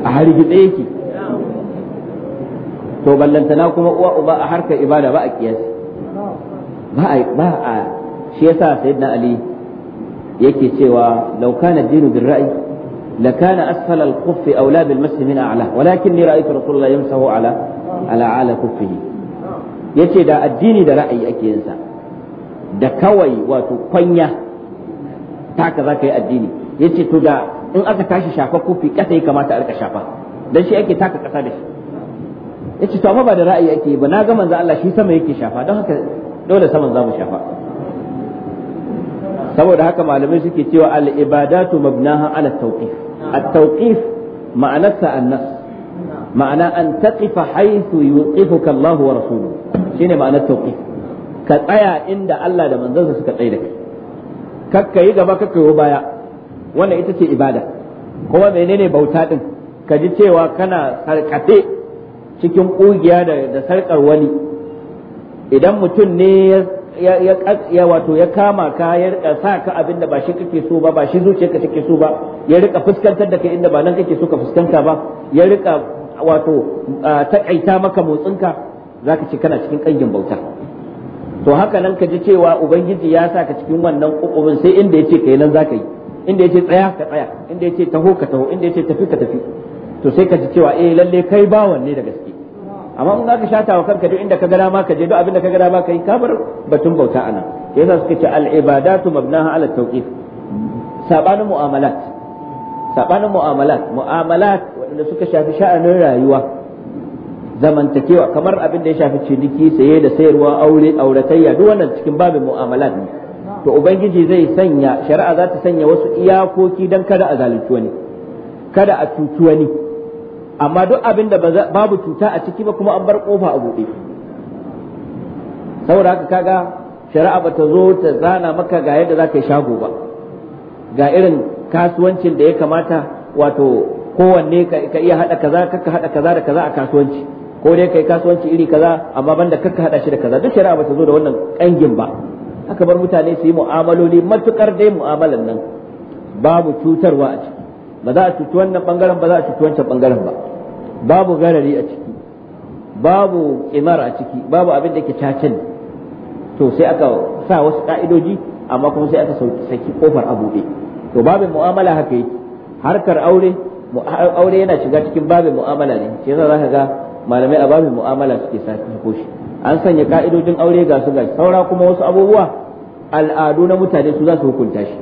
a hargitse yake to ballantana kuma uwa uba a harkar ibada ba a kiyasi ba a ba a shi yasa sayyidina ali yake cewa law kana dinu bil ra'i لكان أسفل الخف أولى بالمس من أعلى ولكني رأيت رسول الله يمسه على على أعلى كفه yace da addini da ra'ayi ake da kawai wato kwanya taka za ka yi addini yace to da in aka tashi shafa kufi kasa ya kamata a shafa dan shi ake taka kasa da shi yace to amma ba da ra'ayi ake ba na ga manzo Allah shi sama yake shafa don haka saman za mu shafa saboda haka malamai suke cewa al ibadatu mabnaha ala tawqif التوقيف معناتها النص معنى أن تقف حيث يوقفك الله ورسوله شنو معنى التوقيف كتايا عند الله ده من زنسة كتايدك كاكا يجبا كاكا يبايا وانا اتتي إبادة هو منيني بوتاتن كجتي وكنا سرقتي cikin ƙugiya da sarƙar wani idan mutum ne ya wato ya kama ka ya rika sa ka abin da ba shi kake so ba ba shi zuciyarka take so ba ya rika fuskantar da kai inda ba nan kake so ka fuskanta ba ya rika wato takaita maka motsinka zaka ce kana cikin kangin bauta to haka nan ka ji cewa ubangiji ya sa ka cikin wannan kokobin sai inda yace kai nan zaka yi inda yace tsaya ka tsaya inda yace taho ka taho inda yace tafi ka tafi to sai ka ji cewa eh lalle kai bawan ne da gaske amma in zaka shata wa kanka duk inda ka gada ma ka je duk abin da ka gada ma ka yi ka bar batun bauta anan yasa suka ce al ibadatu mabnaha ala tawqif sabanin mu'amalat sabanin mu'amalat mu'amalat wanda suka shafi sha'anin rayuwa zamantakewa kamar abin da ya shafi ciniki saye da sayarwa aure auratayya duk wannan cikin babin mu'amalat ne to ubangiji zai sanya shari'a za ta sanya wasu iyakoki dan kada a zalunci wani kada a cuci wani amma duk abin da babu cuta a ciki ba kuma an bar kofa a buɗe saboda haka kaga shari'a ba ta zo ta zana maka ga yadda za ka yi shago ba ga irin kasuwancin da ya kamata wato kowanne ka iya haɗa kaza kaka haɗa kaza da kaza a kasuwanci ko dai kai kasuwanci iri kaza amma banda kaka haɗa shi da kaza duk shari'a ba ta zo da wannan ƙangin ba aka bar mutane su yi mu'amaloli matukar dai mu'amalan nan babu cutarwa a ciki ba za a cuci wannan bangaren ba za a cuci wancan bangaren ba babu garari a ciki babu kimar a ciki babu abin da ke cacin to sai aka sa wasu ka'idoji amma kuma sai aka saki kofar a buɗe to babin mu'amala haka yake harkar aure aure yana shiga cikin babin mu'amala ne shi yasa zaka ga malamai a babin mu'amala suke saki ko shi an sanya ka'idojin aure ga su ga saura kuma wasu abubuwa al'adu na mutane su za su hukunta shi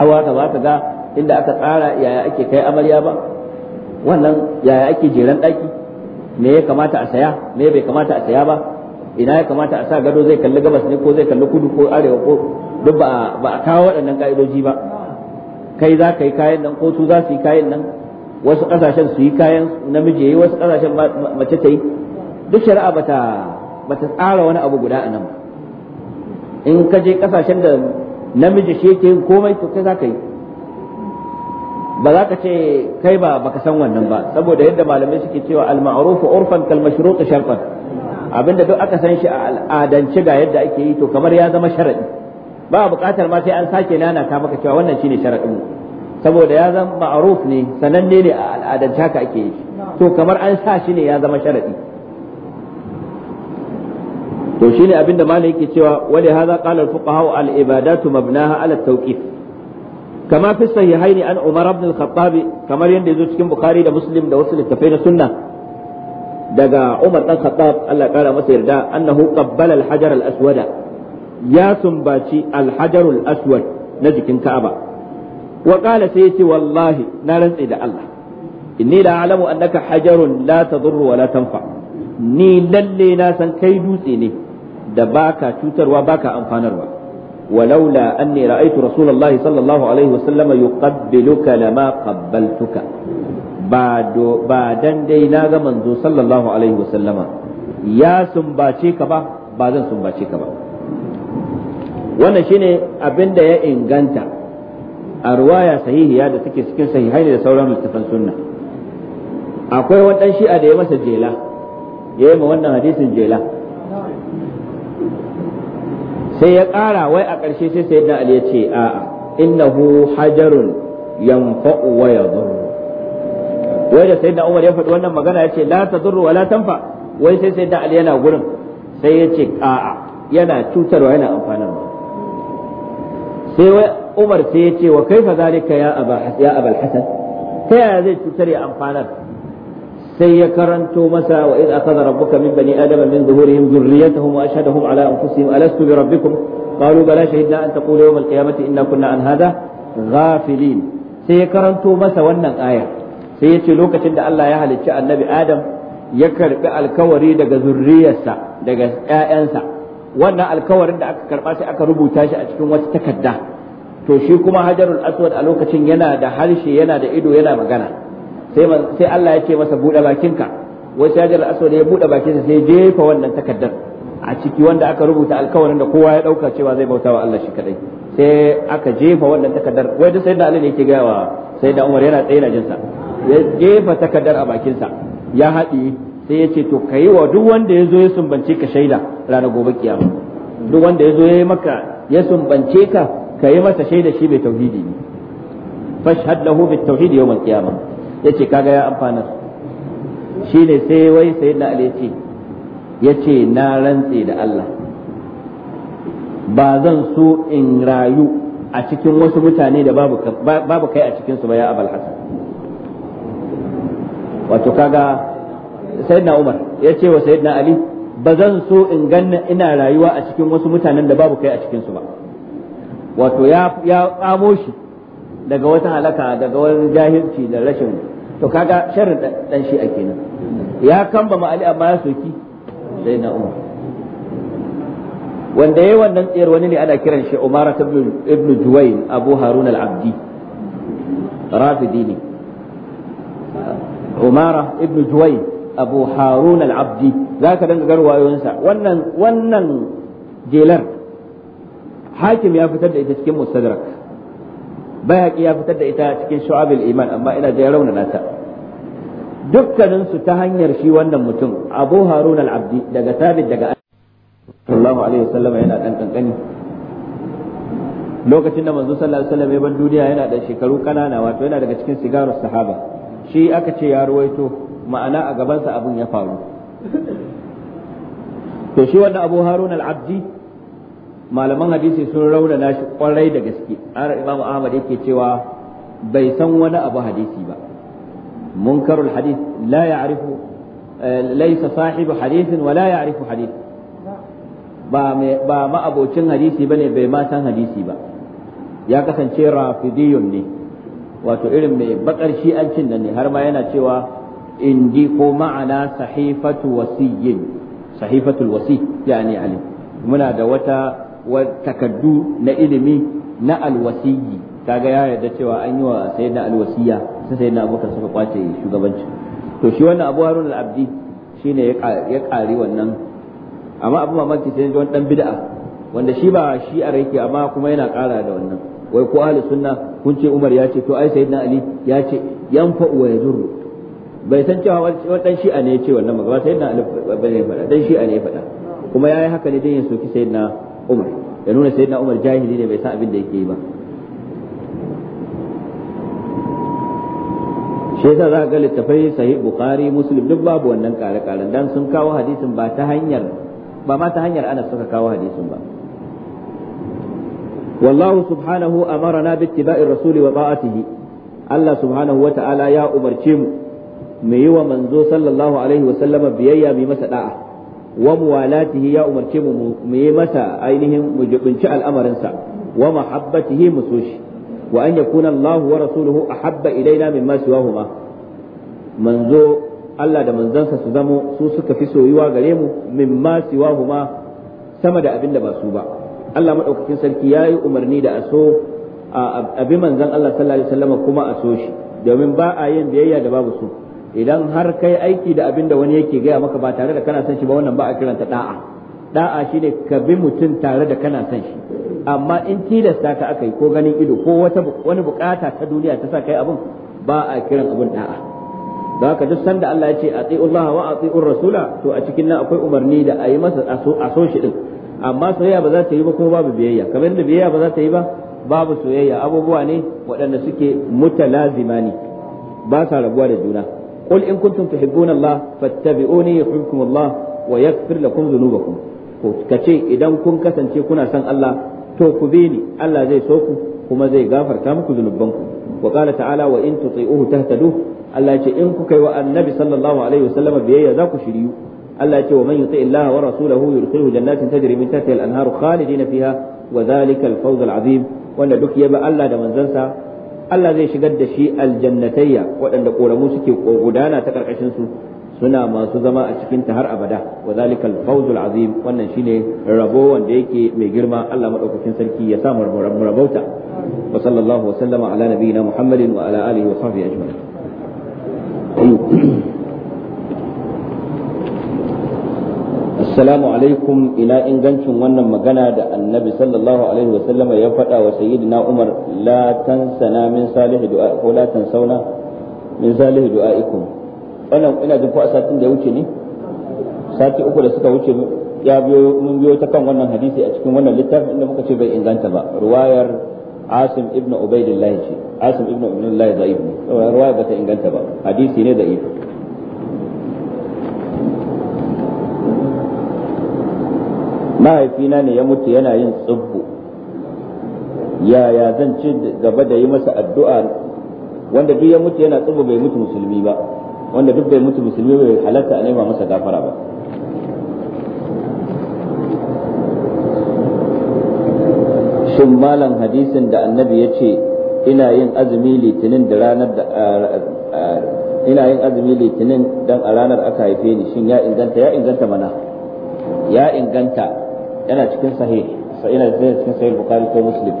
awa ka ba ka ga inda aka tsara yaya ake kai amarya ba wannan yaya ake jeran ɗaki me ya kamata a saya me bai kamata a saya ba ina ya kamata a sa gado zai kalli gabas ne ko zai kalli kudu ko arewa ko duk ba a kawo waɗannan ka'idoji ba kai za ka yi kayan nan ko su za su yi kayan nan wasu ƙasashen su yi kayan namiji yayi wasu ƙasashen mace ta yi duk shari'a bata bata tsara wani abu guda a nan in ka je ƙasashen da namiji shi yake yin komai to kai za ka yi ba za ka ce kai ba baka san wannan ba saboda yadda malamai suke cewa al-ma'ruf urfan kal mashruq sharfan abinda duk aka san shi a al'adance ga yadda ake yi to kamar ya zama sharadi ba buƙatar ma sai an sake nana ta maka cewa wannan shine sharadin saboda ya zama ma'ruf ne sananne ne a al'adance haka ake yi to kamar an sa shi ne ya zama sharadi to shine abinda malai yake cewa wali hadha qala al-fuqaha al-ibadatu mabnaha ala at-tawqif kama fi sahihaini an Umar ibn al kamar yadda ya zo cikin Bukhari da Muslim da wasu littafai na sunna daga Umar dan Khattab Allah kara masa yarda annahu qabbala al-hajar al-aswad ya sumbaci al-hajar aswad na jikin Ka'aba wa sai sai yace wallahi na rantsi da Allah inni la a'lamu annaka hajarun la tadurru wa ni lalle na san kai dutse ne da baka cutarwa baka amfanarwa ولولا أني رأيت رسول الله صلى الله عليه وسلم يقبلك لما قبلتك بعد بعدن دي ناغا صلى الله عليه وسلم يا سنباتيك با بعدن سنباتيك با wannan shine abin da ya inganta a ruwaya sahihiya da suke cikin sahihai da sauran littafan sunna akwai wani dan shi'a da ya masa jela ya yi ma wannan hadisin jela sai ya ƙara wai a ƙarshe sai sai da ali ya ce a'a innahu hajarun yanfa'u wa yadhurru wai da sai da umar ya faɗi wannan magana ya ce la tadurru wa la tanfa wai sai sai da ali yana gurin sai ya ce a'a yana cutarwa yana amfanarwa sai wai umar sai ya ce wa kaifa zalika ya aba ya abul hasan ta yaya zai cutar ya amfanar sai ya karanto masa wa idh akhadha rabbuka min bani adama min zuhurihim dhurriyyatahum wa ashhadahum ala anfusihim alastu bi rabbikum qalu bala shahidna an taqulu yawm al inna kunna an hadha ghafilin sai ya karanto masa wannan aya sai ya ce lokacin da Allah ya halicci annabi adam ya karbi alkawari daga zurriyarsa daga ƴaƴansa wannan alkawarin da aka karba sai aka rubuta shi a cikin wata takarda to shi kuma hajarul aswad a lokacin yana da harshe yana da ido yana magana sai sai Allah ya ce masa bude bakinka wai shajar aswad ya bude bakinsa sai jefa wannan takaddar a ciki wanda aka rubuta alkawarin da kowa ya dauka cewa zai bauta wa Allah shi kadai sai aka jefa wannan takaddar wai duk sayyidina Ali ne yake gaya wa sayyidina Umar yana tsaye na jinsa ya jefa takaddar a bakinsa ya haɗi sai ya ce to kai wa duk wanda ya zo ya sumbance ka shaida ranar gobe kiyama duk wanda ya zo ya yi maka ya sumbance ka ka yi masa shaida shi mai tauhidi ne fashhad lahu bit tauhidi yawm al-qiyamah yace kaga ya amfana ne sai wai na ali ya ce na rantse da Allah ba zan so in rayu a cikin wasu mutane da babu kai a cikinsu ba ya abal hasan wato kaga sayyidina umar ya ce wa sayyidina ali ba zan so in ganna ina rayuwa a cikin wasu mutanen da babu kai a cikinsu ba wato ya tsamo shi daga wata halaka daga wani jahilci da rashin to kaga sharri dan shi ake nan ya kamba ma ali amma ya soki sai na umar wanda yayi wannan tsayar wani ne ana kiran shi umar ibn juwayn abu harun al-abdi rafidi ne umara ibn juwayn abu harun al-abdi zaka danga garwayonsa wannan wannan jelar hakim ya fitar da ita cikin mustadrak bayhaqi ya fitar da ita cikin shu'abul iman amma ina da ya raunana ta dukkanin su ta hanyar shi wannan mutum Abu Harun al-Abdi daga tabit daga sallallahu alaihi wasallam yana dan kankani lokacin da manzo sallallahu alaihi wasallam ya bar duniya yana da shekaru kanana wato yana daga cikin sigarus sahaba shi aka ce ya ruwaito ma'ana a gabansa abin ya faru to shi wannan Abu Harun al-Abdi malaman hadisi sun raunana shi kwarai da gaske har imamu ahmad yake cewa bai san wani abu hadisi ba munkarul hadith la ya'rifu eh, laysa sahibu hadithin wa la ya'rifu hadith ba ba ma'abocin hadisi bane bai ma san hadisi ba ya kasance rafidiyun ne wato irin mai bakar shi'ancin nan ne har ma yana cewa indi ko ma'ana sahifatu wasiyyin sahifatul wasi yani ali muna da wata wa takaddu na ilimi na alwasiyi kaga ya yarda cewa an yi wa sayyidina alwasiya sai sayyidina abubakar suka kwace shugabanci to shi wannan abu harun al-abdi shine ya kari wannan amma abu mamaki sai wani dan bid'a wanda shi ba shi a yake amma kuma yana kara da wannan wai ko ahli sunna kun ce umar ya ce to ai sayyidina ali ya ce yanfa wa yadur bai san cewa wani dan shi'a ne ya ce wannan magana sayyidina ali bai faɗa dan shi'a ne ya faɗa kuma yayi haka ne dan ya soki sayyidina Umar ya nuna sayyidina Umar jahili ne bai san abin da yake yi ba shi yasa za ga littafai sahih bukhari muslim duk babu wannan kare karen dan sun kawo hadisin ba ta hanyar ba ma ta hanyar ana suka kawo hadisin ba wallahu subhanahu amarna bi ittiba'ir rasul wa ta'atihi Allah subhanahu wa ta'ala ya umarce mu mu yi wa manzo sallallahu alaihi wa sallama biyayya mu masa da'a wa muwalatihi ya umarci mu muyi masa ainihin mu jibinci al'amarinsa wa mahabbatihi mu so wa an yakuna Allahu wa rasuluhu ahabba ilaina mimma siwahuma manzo Allah da manzansa su zamo su suka fi soyuwa gare mu mimma siwahuma sama da abin da ba su ba Allah madaukakin sarki ya yi umarni da aso abi manzan Allah sallallahu alaihi kuma a shi domin ba a yin biyayya da babu su idan har kai aiki da abin da wani yake gaya maka ba tare da kana san shi ba wannan ba a kiranta da'a da'a shine ka bi mutum tare da kana san shi amma in tilasta ka aka yi ko ganin ido ko wata wani bukata ta duniya ta sa kai abin ba a kiran abin da'a da haka duk sanda Allah ya ce atiullah wa atiur rasula to a cikin nan akwai umarni da a yi masa a so shi din amma soyayya ba za ta yi ba ko babu biyayya kamar da biyayya ba za ta yi ba babu soyayya abubuwa ne waɗanda suke mutalazima ne ba sa rabuwa da juna qul in kuntum tuhibbuna Allah fattabi'uni yuhibbukum Allah wa yaghfir lakum dhunubakum ko kace idan kun kasance kuna san Allah to ku bi ni Allah zai so ku kuma zai gafarta muku zunubanku wa qala ta'ala wa in tuti'uhu tahtadu Allah ce in kuka wa annabi sallallahu alaihi wasallam biyayya za ku shiryu Allah ce wa man yuti Allah wa rasulahu yudkhiluhu jannatin tajri min tahtiha al-anharu khalidina fiha wa dhalika al azim wanda duk ya yaba Allah da manzansa Allah zai shigar da shi aljannatayya waɗanda ƙoramu suke gudana ta ƙarƙashin su suna masu zama a cikin ta har abada wa zalika al-fawzul azim wannan shine rabo wanda yake mai girma Allah madaukakin sarki ya samu rabauta wa sallallahu wa sallama ala nabiyina Muhammadin wa ala alihi wa sahbihi ajma'in assalamu alaikum ina ingancin wannan magana da annabi sallallahu alaihi wasallama ya faɗa wa sayyidina umar la tansana min salihi du'a ko la tansauna min salihi du'aikum wannan ina jin ko a satin da ya wuce ne sati uku da suka wuce ya biyo mun biyo ta kan wannan hadisi a cikin wannan littafin inda muka ce bai inganta ba ruwayar asim ibnu ubaidillah asim ne ba ta inganta ba hadisi ne za'i. mahaifina ne ya mutu yana yin tsibbu yaya zan ci gaba da yi masa addu'a wanda duk ya mutu yana tsibbu bai mutu musulmi ba wanda duk bai mutu musulmi bai halatta a nema masa gafara ba shin malam hadisin da annabi ya ce ina yin azumi litinin da ranar da ina yin azumi litinin dan a ranar aka haife ni shin ya inganta ya inganta mana ya inganta yana cikin sahih yana cikin sahih bukhari ko muslim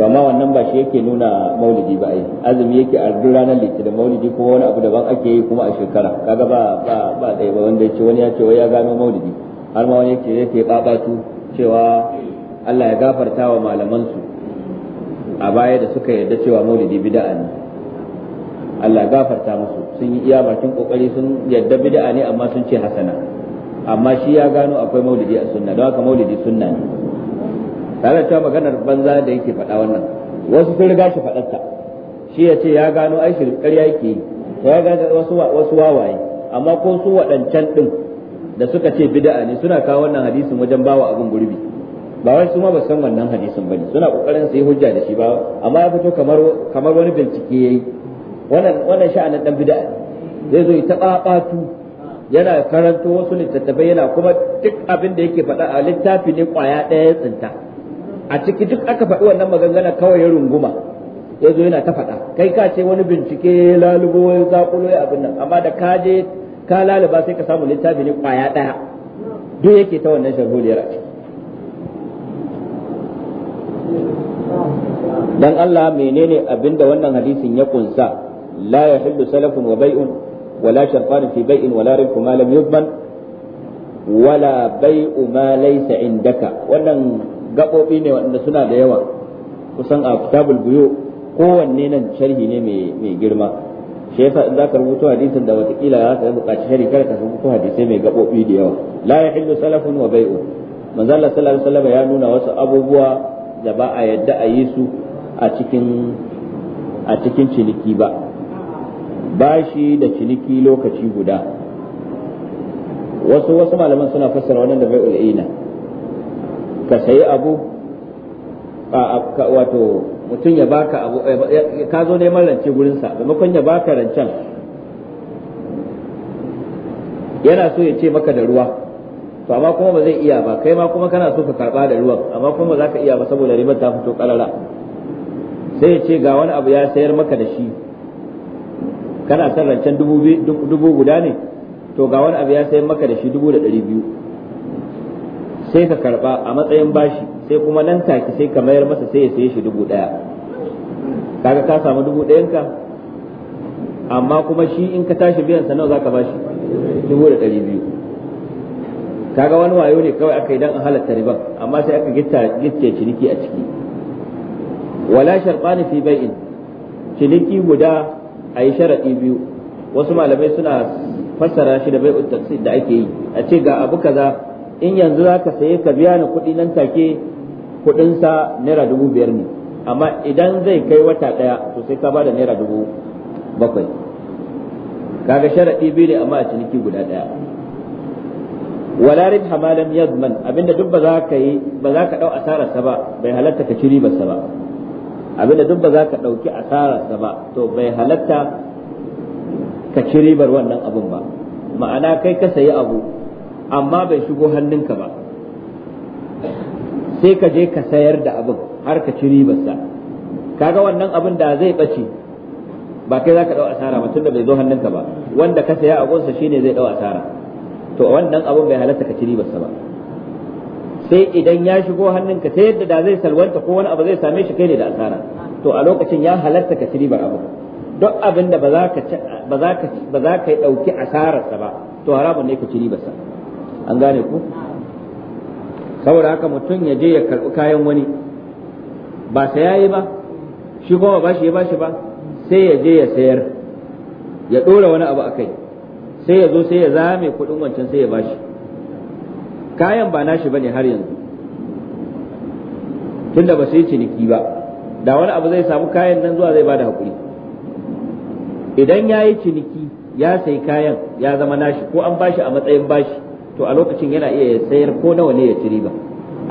to amma wannan ba shi yake nuna maulidi ba ai azumi yake a duk ranar litinin maulidi ko wani abu daban ake yi kuma a shekara kaga ba ba ba dai ba wanda wani ya ce wai ya gano maulidi har ma wani yake yake babatu cewa Allah ya gafarta wa malaman su a baya da suka yarda cewa maulidi bid'a ne Allah ya gafarta musu sun yi iya bakin kokari sun yarda bid'a ne amma sun ce hasana amma shi ya gano akwai maulidi a sunna don haka maulidi sunna ne tare ta maganar banza da yake faɗa wannan wasu sun riga shi faɗarta shi ya ce ya gano ai shi ƙarya yake yi to ya gano wasu wawaye amma ko su waɗancan ɗin da suka ce bid'a ne suna kawo wannan hadisin wajen bawa abin gurbi ba wai su ma ba san wannan hadisin bane suna kokarin su yi hujja da shi ba amma ya fito kamar kamar wani bincike yayi wannan wannan sha'anin dan bid'a zai zo ya taɓa yana karanto wasu littattafai yana kuma duk abin da yake faɗa a littafi ne kwaya ɗaya ya tsinta a ciki duk aka faɗi wannan magangana kawai ya runguma ya zo yana ta faɗa kai ka ce wani bincike lalubo ya zaƙulo ya abin nan amma da ka je ka laluba sai ka samu littafi ne kwaya ɗaya duk yake ta wannan sharholiyar a ciki dan Allah menene abinda wannan hadisin ya kunsa la yahillu salafun wa bai'un ولا شرطان في بيع ولا ربح ما لم يضمن ولا بيع ما ليس عندك wannan gabobi ne wanda suna da yawa kusan a kitabul buyu kowanne nan sharhi ne mai girma shi yasa in zaka rubuta hadisin da watakila za ka buƙaci sharhi kada ka rubuta hadisai mai gabobi da yawa la yahillu salafun wa bai'u manzo Allah sallallahu alaihi ya nuna wasu abubuwa da ba a yadda a yi su a cikin a cikin ciniki ba bashi da ciniki lokaci guda wasu wasu malaman suna fassara wannan da bai'ul ina ka sayi abu wato mutum ya baka abu ka zo neman rance gurinsa maimakon ya baka rancen yana so ya ce maka da ruwa to amma kuma ba zai iya ba kai ma kuma kana so ka karba da ruwan amma kuma ba za ka iya ba saboda ribar ta fito karara sai ya ce ga wani abu ya sayar maka da shi kana san rancen dubu guda ne to ga wani abu ya sayan maka da shi dubu da ɗari biyu sai ka karba a matsayin bashi sai kuma nan take sai ka mayar masa sai ya saye shi dubu ɗaya kaga ka samu dubu ɗayanka amma kuma shi in ka tashi biyan sa nawa zaka bashi dubu da ɗari biyu kaga wani wayo ne kawai aka yi dan halatta riban amma sai aka gitta gitta ciniki a ciki wala sharqani fi bai'in ciniki guda a yi sharaɗi biyu wasu malamai suna fassara shi da bai taqsid da ake yi a ce ga abu kaza in yanzu zaka saye ka biya ni kuɗi nan take kuɗin sa naira dubu biyar ne amma idan zai kai wata ɗaya to sai ka bada naira dubu bakwai kaga sharaɗi biyu ne amma a ciniki guda ɗaya wala ribha ma yazman abinda duk ba za ka yi ba dau asarar ba bai halatta ka ciri ba sa ba abinda duk ba za ka ɗauki asararsa ba to bai halatta ka ci ribar wannan abun ba ma'ana kai ka sayi abu amma bai shigo hannunka ba sai ka je ka sayar da abin har ka ci ribarsa kaga wannan abin da zai ɓace ba kai za ka ɗau asara ba tunda bai zo hannunka ba wanda ka saya a gunsa shine zai ɗau asara to wannan abun bai halatta ka ci ribarsa ba sai idan ya shigo hannunka sai yadda da zai salwanta ko wani abu zai same shi kai ne da asara to a lokacin ya halatta ka ci abu duk abin da ba za ka ba za ka dauki asararsa ba to haramun ne ka ci sa. an gane ku saboda haka mutum ya je ya karbi kayan wani ba sai yayi ba shi kuma ba shi ya bashi ba sai ya je ya sayar ya dora wani abu akai sai ya zo sai ya zame kudin wancan sai ya bashi kayan ba nashi bane har yanzu tunda ba su yi ciniki ba da wani abu zai samu kayan nan zuwa zai bada hakuri idan ya yi ciniki ya sai kayan ya zama nashi ko an bashi a matsayin bashi to a lokacin yana iya ya sayar ko nawa ne ya ciri ba,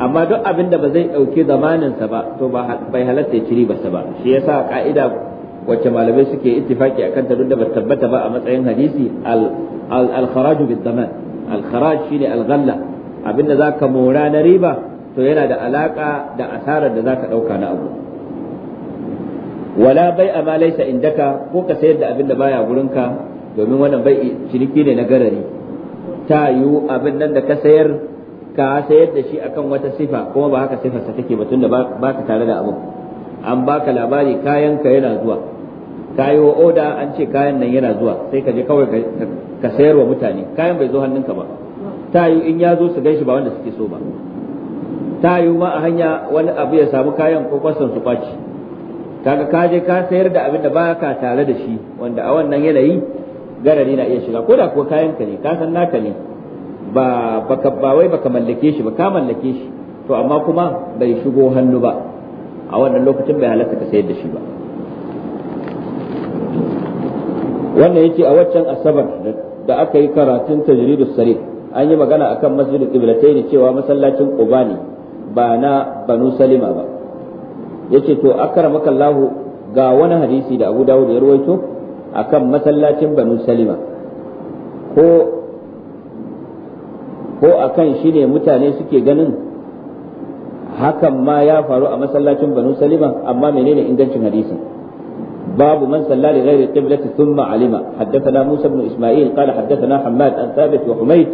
amma duk abin da ba zai ɗauki zamaninsa ba to bai halatta ya ba sa ba shi yasa ka'ida wacce malamai suke ittifaki akan ta duk da ba tabbata ba a matsayin hadisi al-kharaju bid Zaman, al-kharaj shine al-ghalla abinda za ka mora na riba to yana da alaƙa da asarar da za ka ɗauka na abu wala bai a ma laisa indaka ko ka sayar da abin da baya gurinka domin wannan bai ciniki ne na garari ta yiwu abin nan da ka sayar ka sayar da shi akan wata sifa kuma ba haka sifarsa take ba tunda ba ka tare da abu an baka labari kayan ka yana zuwa ka yi wa oda an ce kayan nan yana zuwa sai ka je kawai ka sayar wa mutane kayan bai zo hannunka ba ta yi in ya zo su gan shi ba wanda suke so ba ta yi ma a hanya wani abu ya samu kayan ko kwasan su kwaci kaga ka je ka sayar da abin da ba ka tare da shi wanda a wannan yanayi garari na iya shiga ko da kuwa kayan ka ne ka san naka ne ba baka ba wai baka mallake shi ba ka mallake shi to amma kuma bai shigo hannu ba a wannan lokacin bai halatta ka sayar da shi ba wannan yake a waccan asabar da aka yi karatun tajridus sarih an yi magana a kan akan masjidul ne cewa masallacin quba ne ba na banu salima ba ya ce to makallahu ga wani hadisi da abu dawud ya rawaito kan masallacin banu salima ko ko kan shi ne mutane suke ganin hakan ma ya faru a masallacin banu salima amma menene ingancin hadisi باب من صلى لغير القبلة ثم علم حدثنا موسى بن إسماعيل قال حدثنا حماد عن ثابت وحميد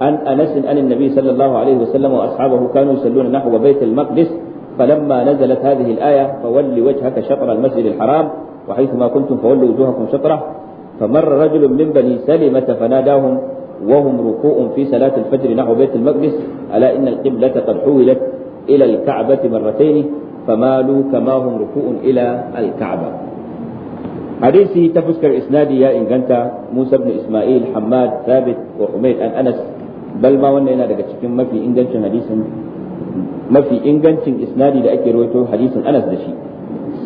عن أنس أن النبي صلى الله عليه وسلم وأصحابه كانوا يصلون نحو بيت المقدس فلما نزلت هذه الآية فول وجهك شطر المسجد الحرام وحيثما كنتم فولوا وجوهكم شطره فمر رجل من بني سلمة فناداهم وهم ركوء في صلاة الفجر نحو بيت المقدس ألا إن القبلة قد حولت إلى الكعبة مرتين فمالوا كما هم ركوء إلى الكعبة حديثي تفسكر إسنادي يا انجنتا موسى بن إسماعيل حماد ثابت وحميد أن أنس bal ma wannan yana daga cikin mafi ingancin hadisin mafi ingancin isnadi da ake rawaito hadisin Anas da shi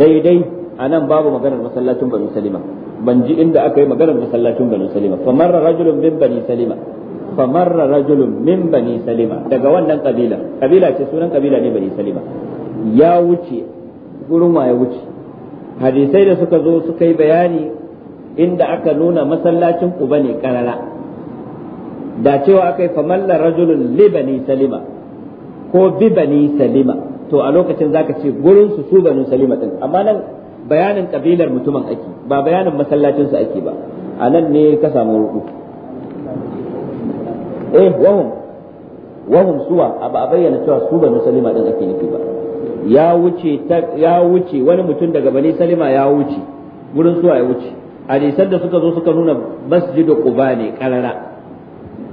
sai dai anan babu maganar masallacin Bani Salima ban ji inda aka yi maganar masallacin Bani Salima fa marra rajulun min Bani Salima fa marra rajulun min Bani Salima daga wannan kabila kabila ce sunan kabila ne Bani Salima ya wuce gurin ya wuce hadisai da suka zo suka yi bayani inda aka nuna masallacin Quba ne karara da cewa aka yi famalla rajulun libani salima ko bibani salima to a lokacin zaka ce gurin su su banu salima din amma nan bayanin kabilar mutumin ake ba bayanin masallacin su ake ba a nan ne ka samu ruku eh wahum wahum suwa a ba bayyana cewa su banu salima din ake nufi ba ya wuce ya wuce wani mutum daga bani salima ya wuce gurin suwa ya wuce a da suka zo suka nuna masjidu quba ne karara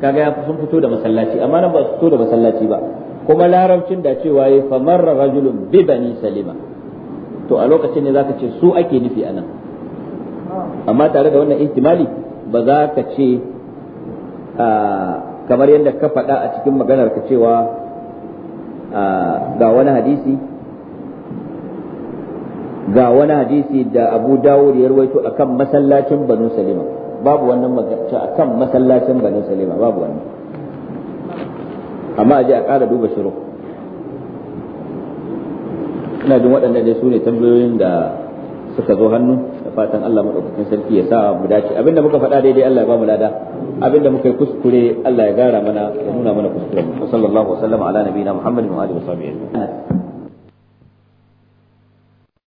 kaga ya sun fito da masallaci amma nan ba su fito da masallaci ba kuma larabcin da cewa ya famarra rajulun bi bani salima to a lokacin ne zaka ce su ake nufi anan amma tare da wannan ihtimali ba za ka ce kamar yadda ka faɗa a cikin maganar ka cewa ga wani hadisi ga wani hadisi da abu dawud ya a kan masallacin banu salima babu wannan a kan masallacin bani salima babu wannan amma a a ƙara duba shiru ina jin waɗannan dai su ne tambayoyin da suka zo hannu da fatan Allah maɗaukakin sarki ya sa mu dace abinda muka faɗa daidai Allah ya ba mu lada abinda muka yi kuskure Allah ya gara mana ya nuna mana kuskuren sallallahu alaihi wa sallam ala nabiyina muhammadin wa alihi wa sahbihi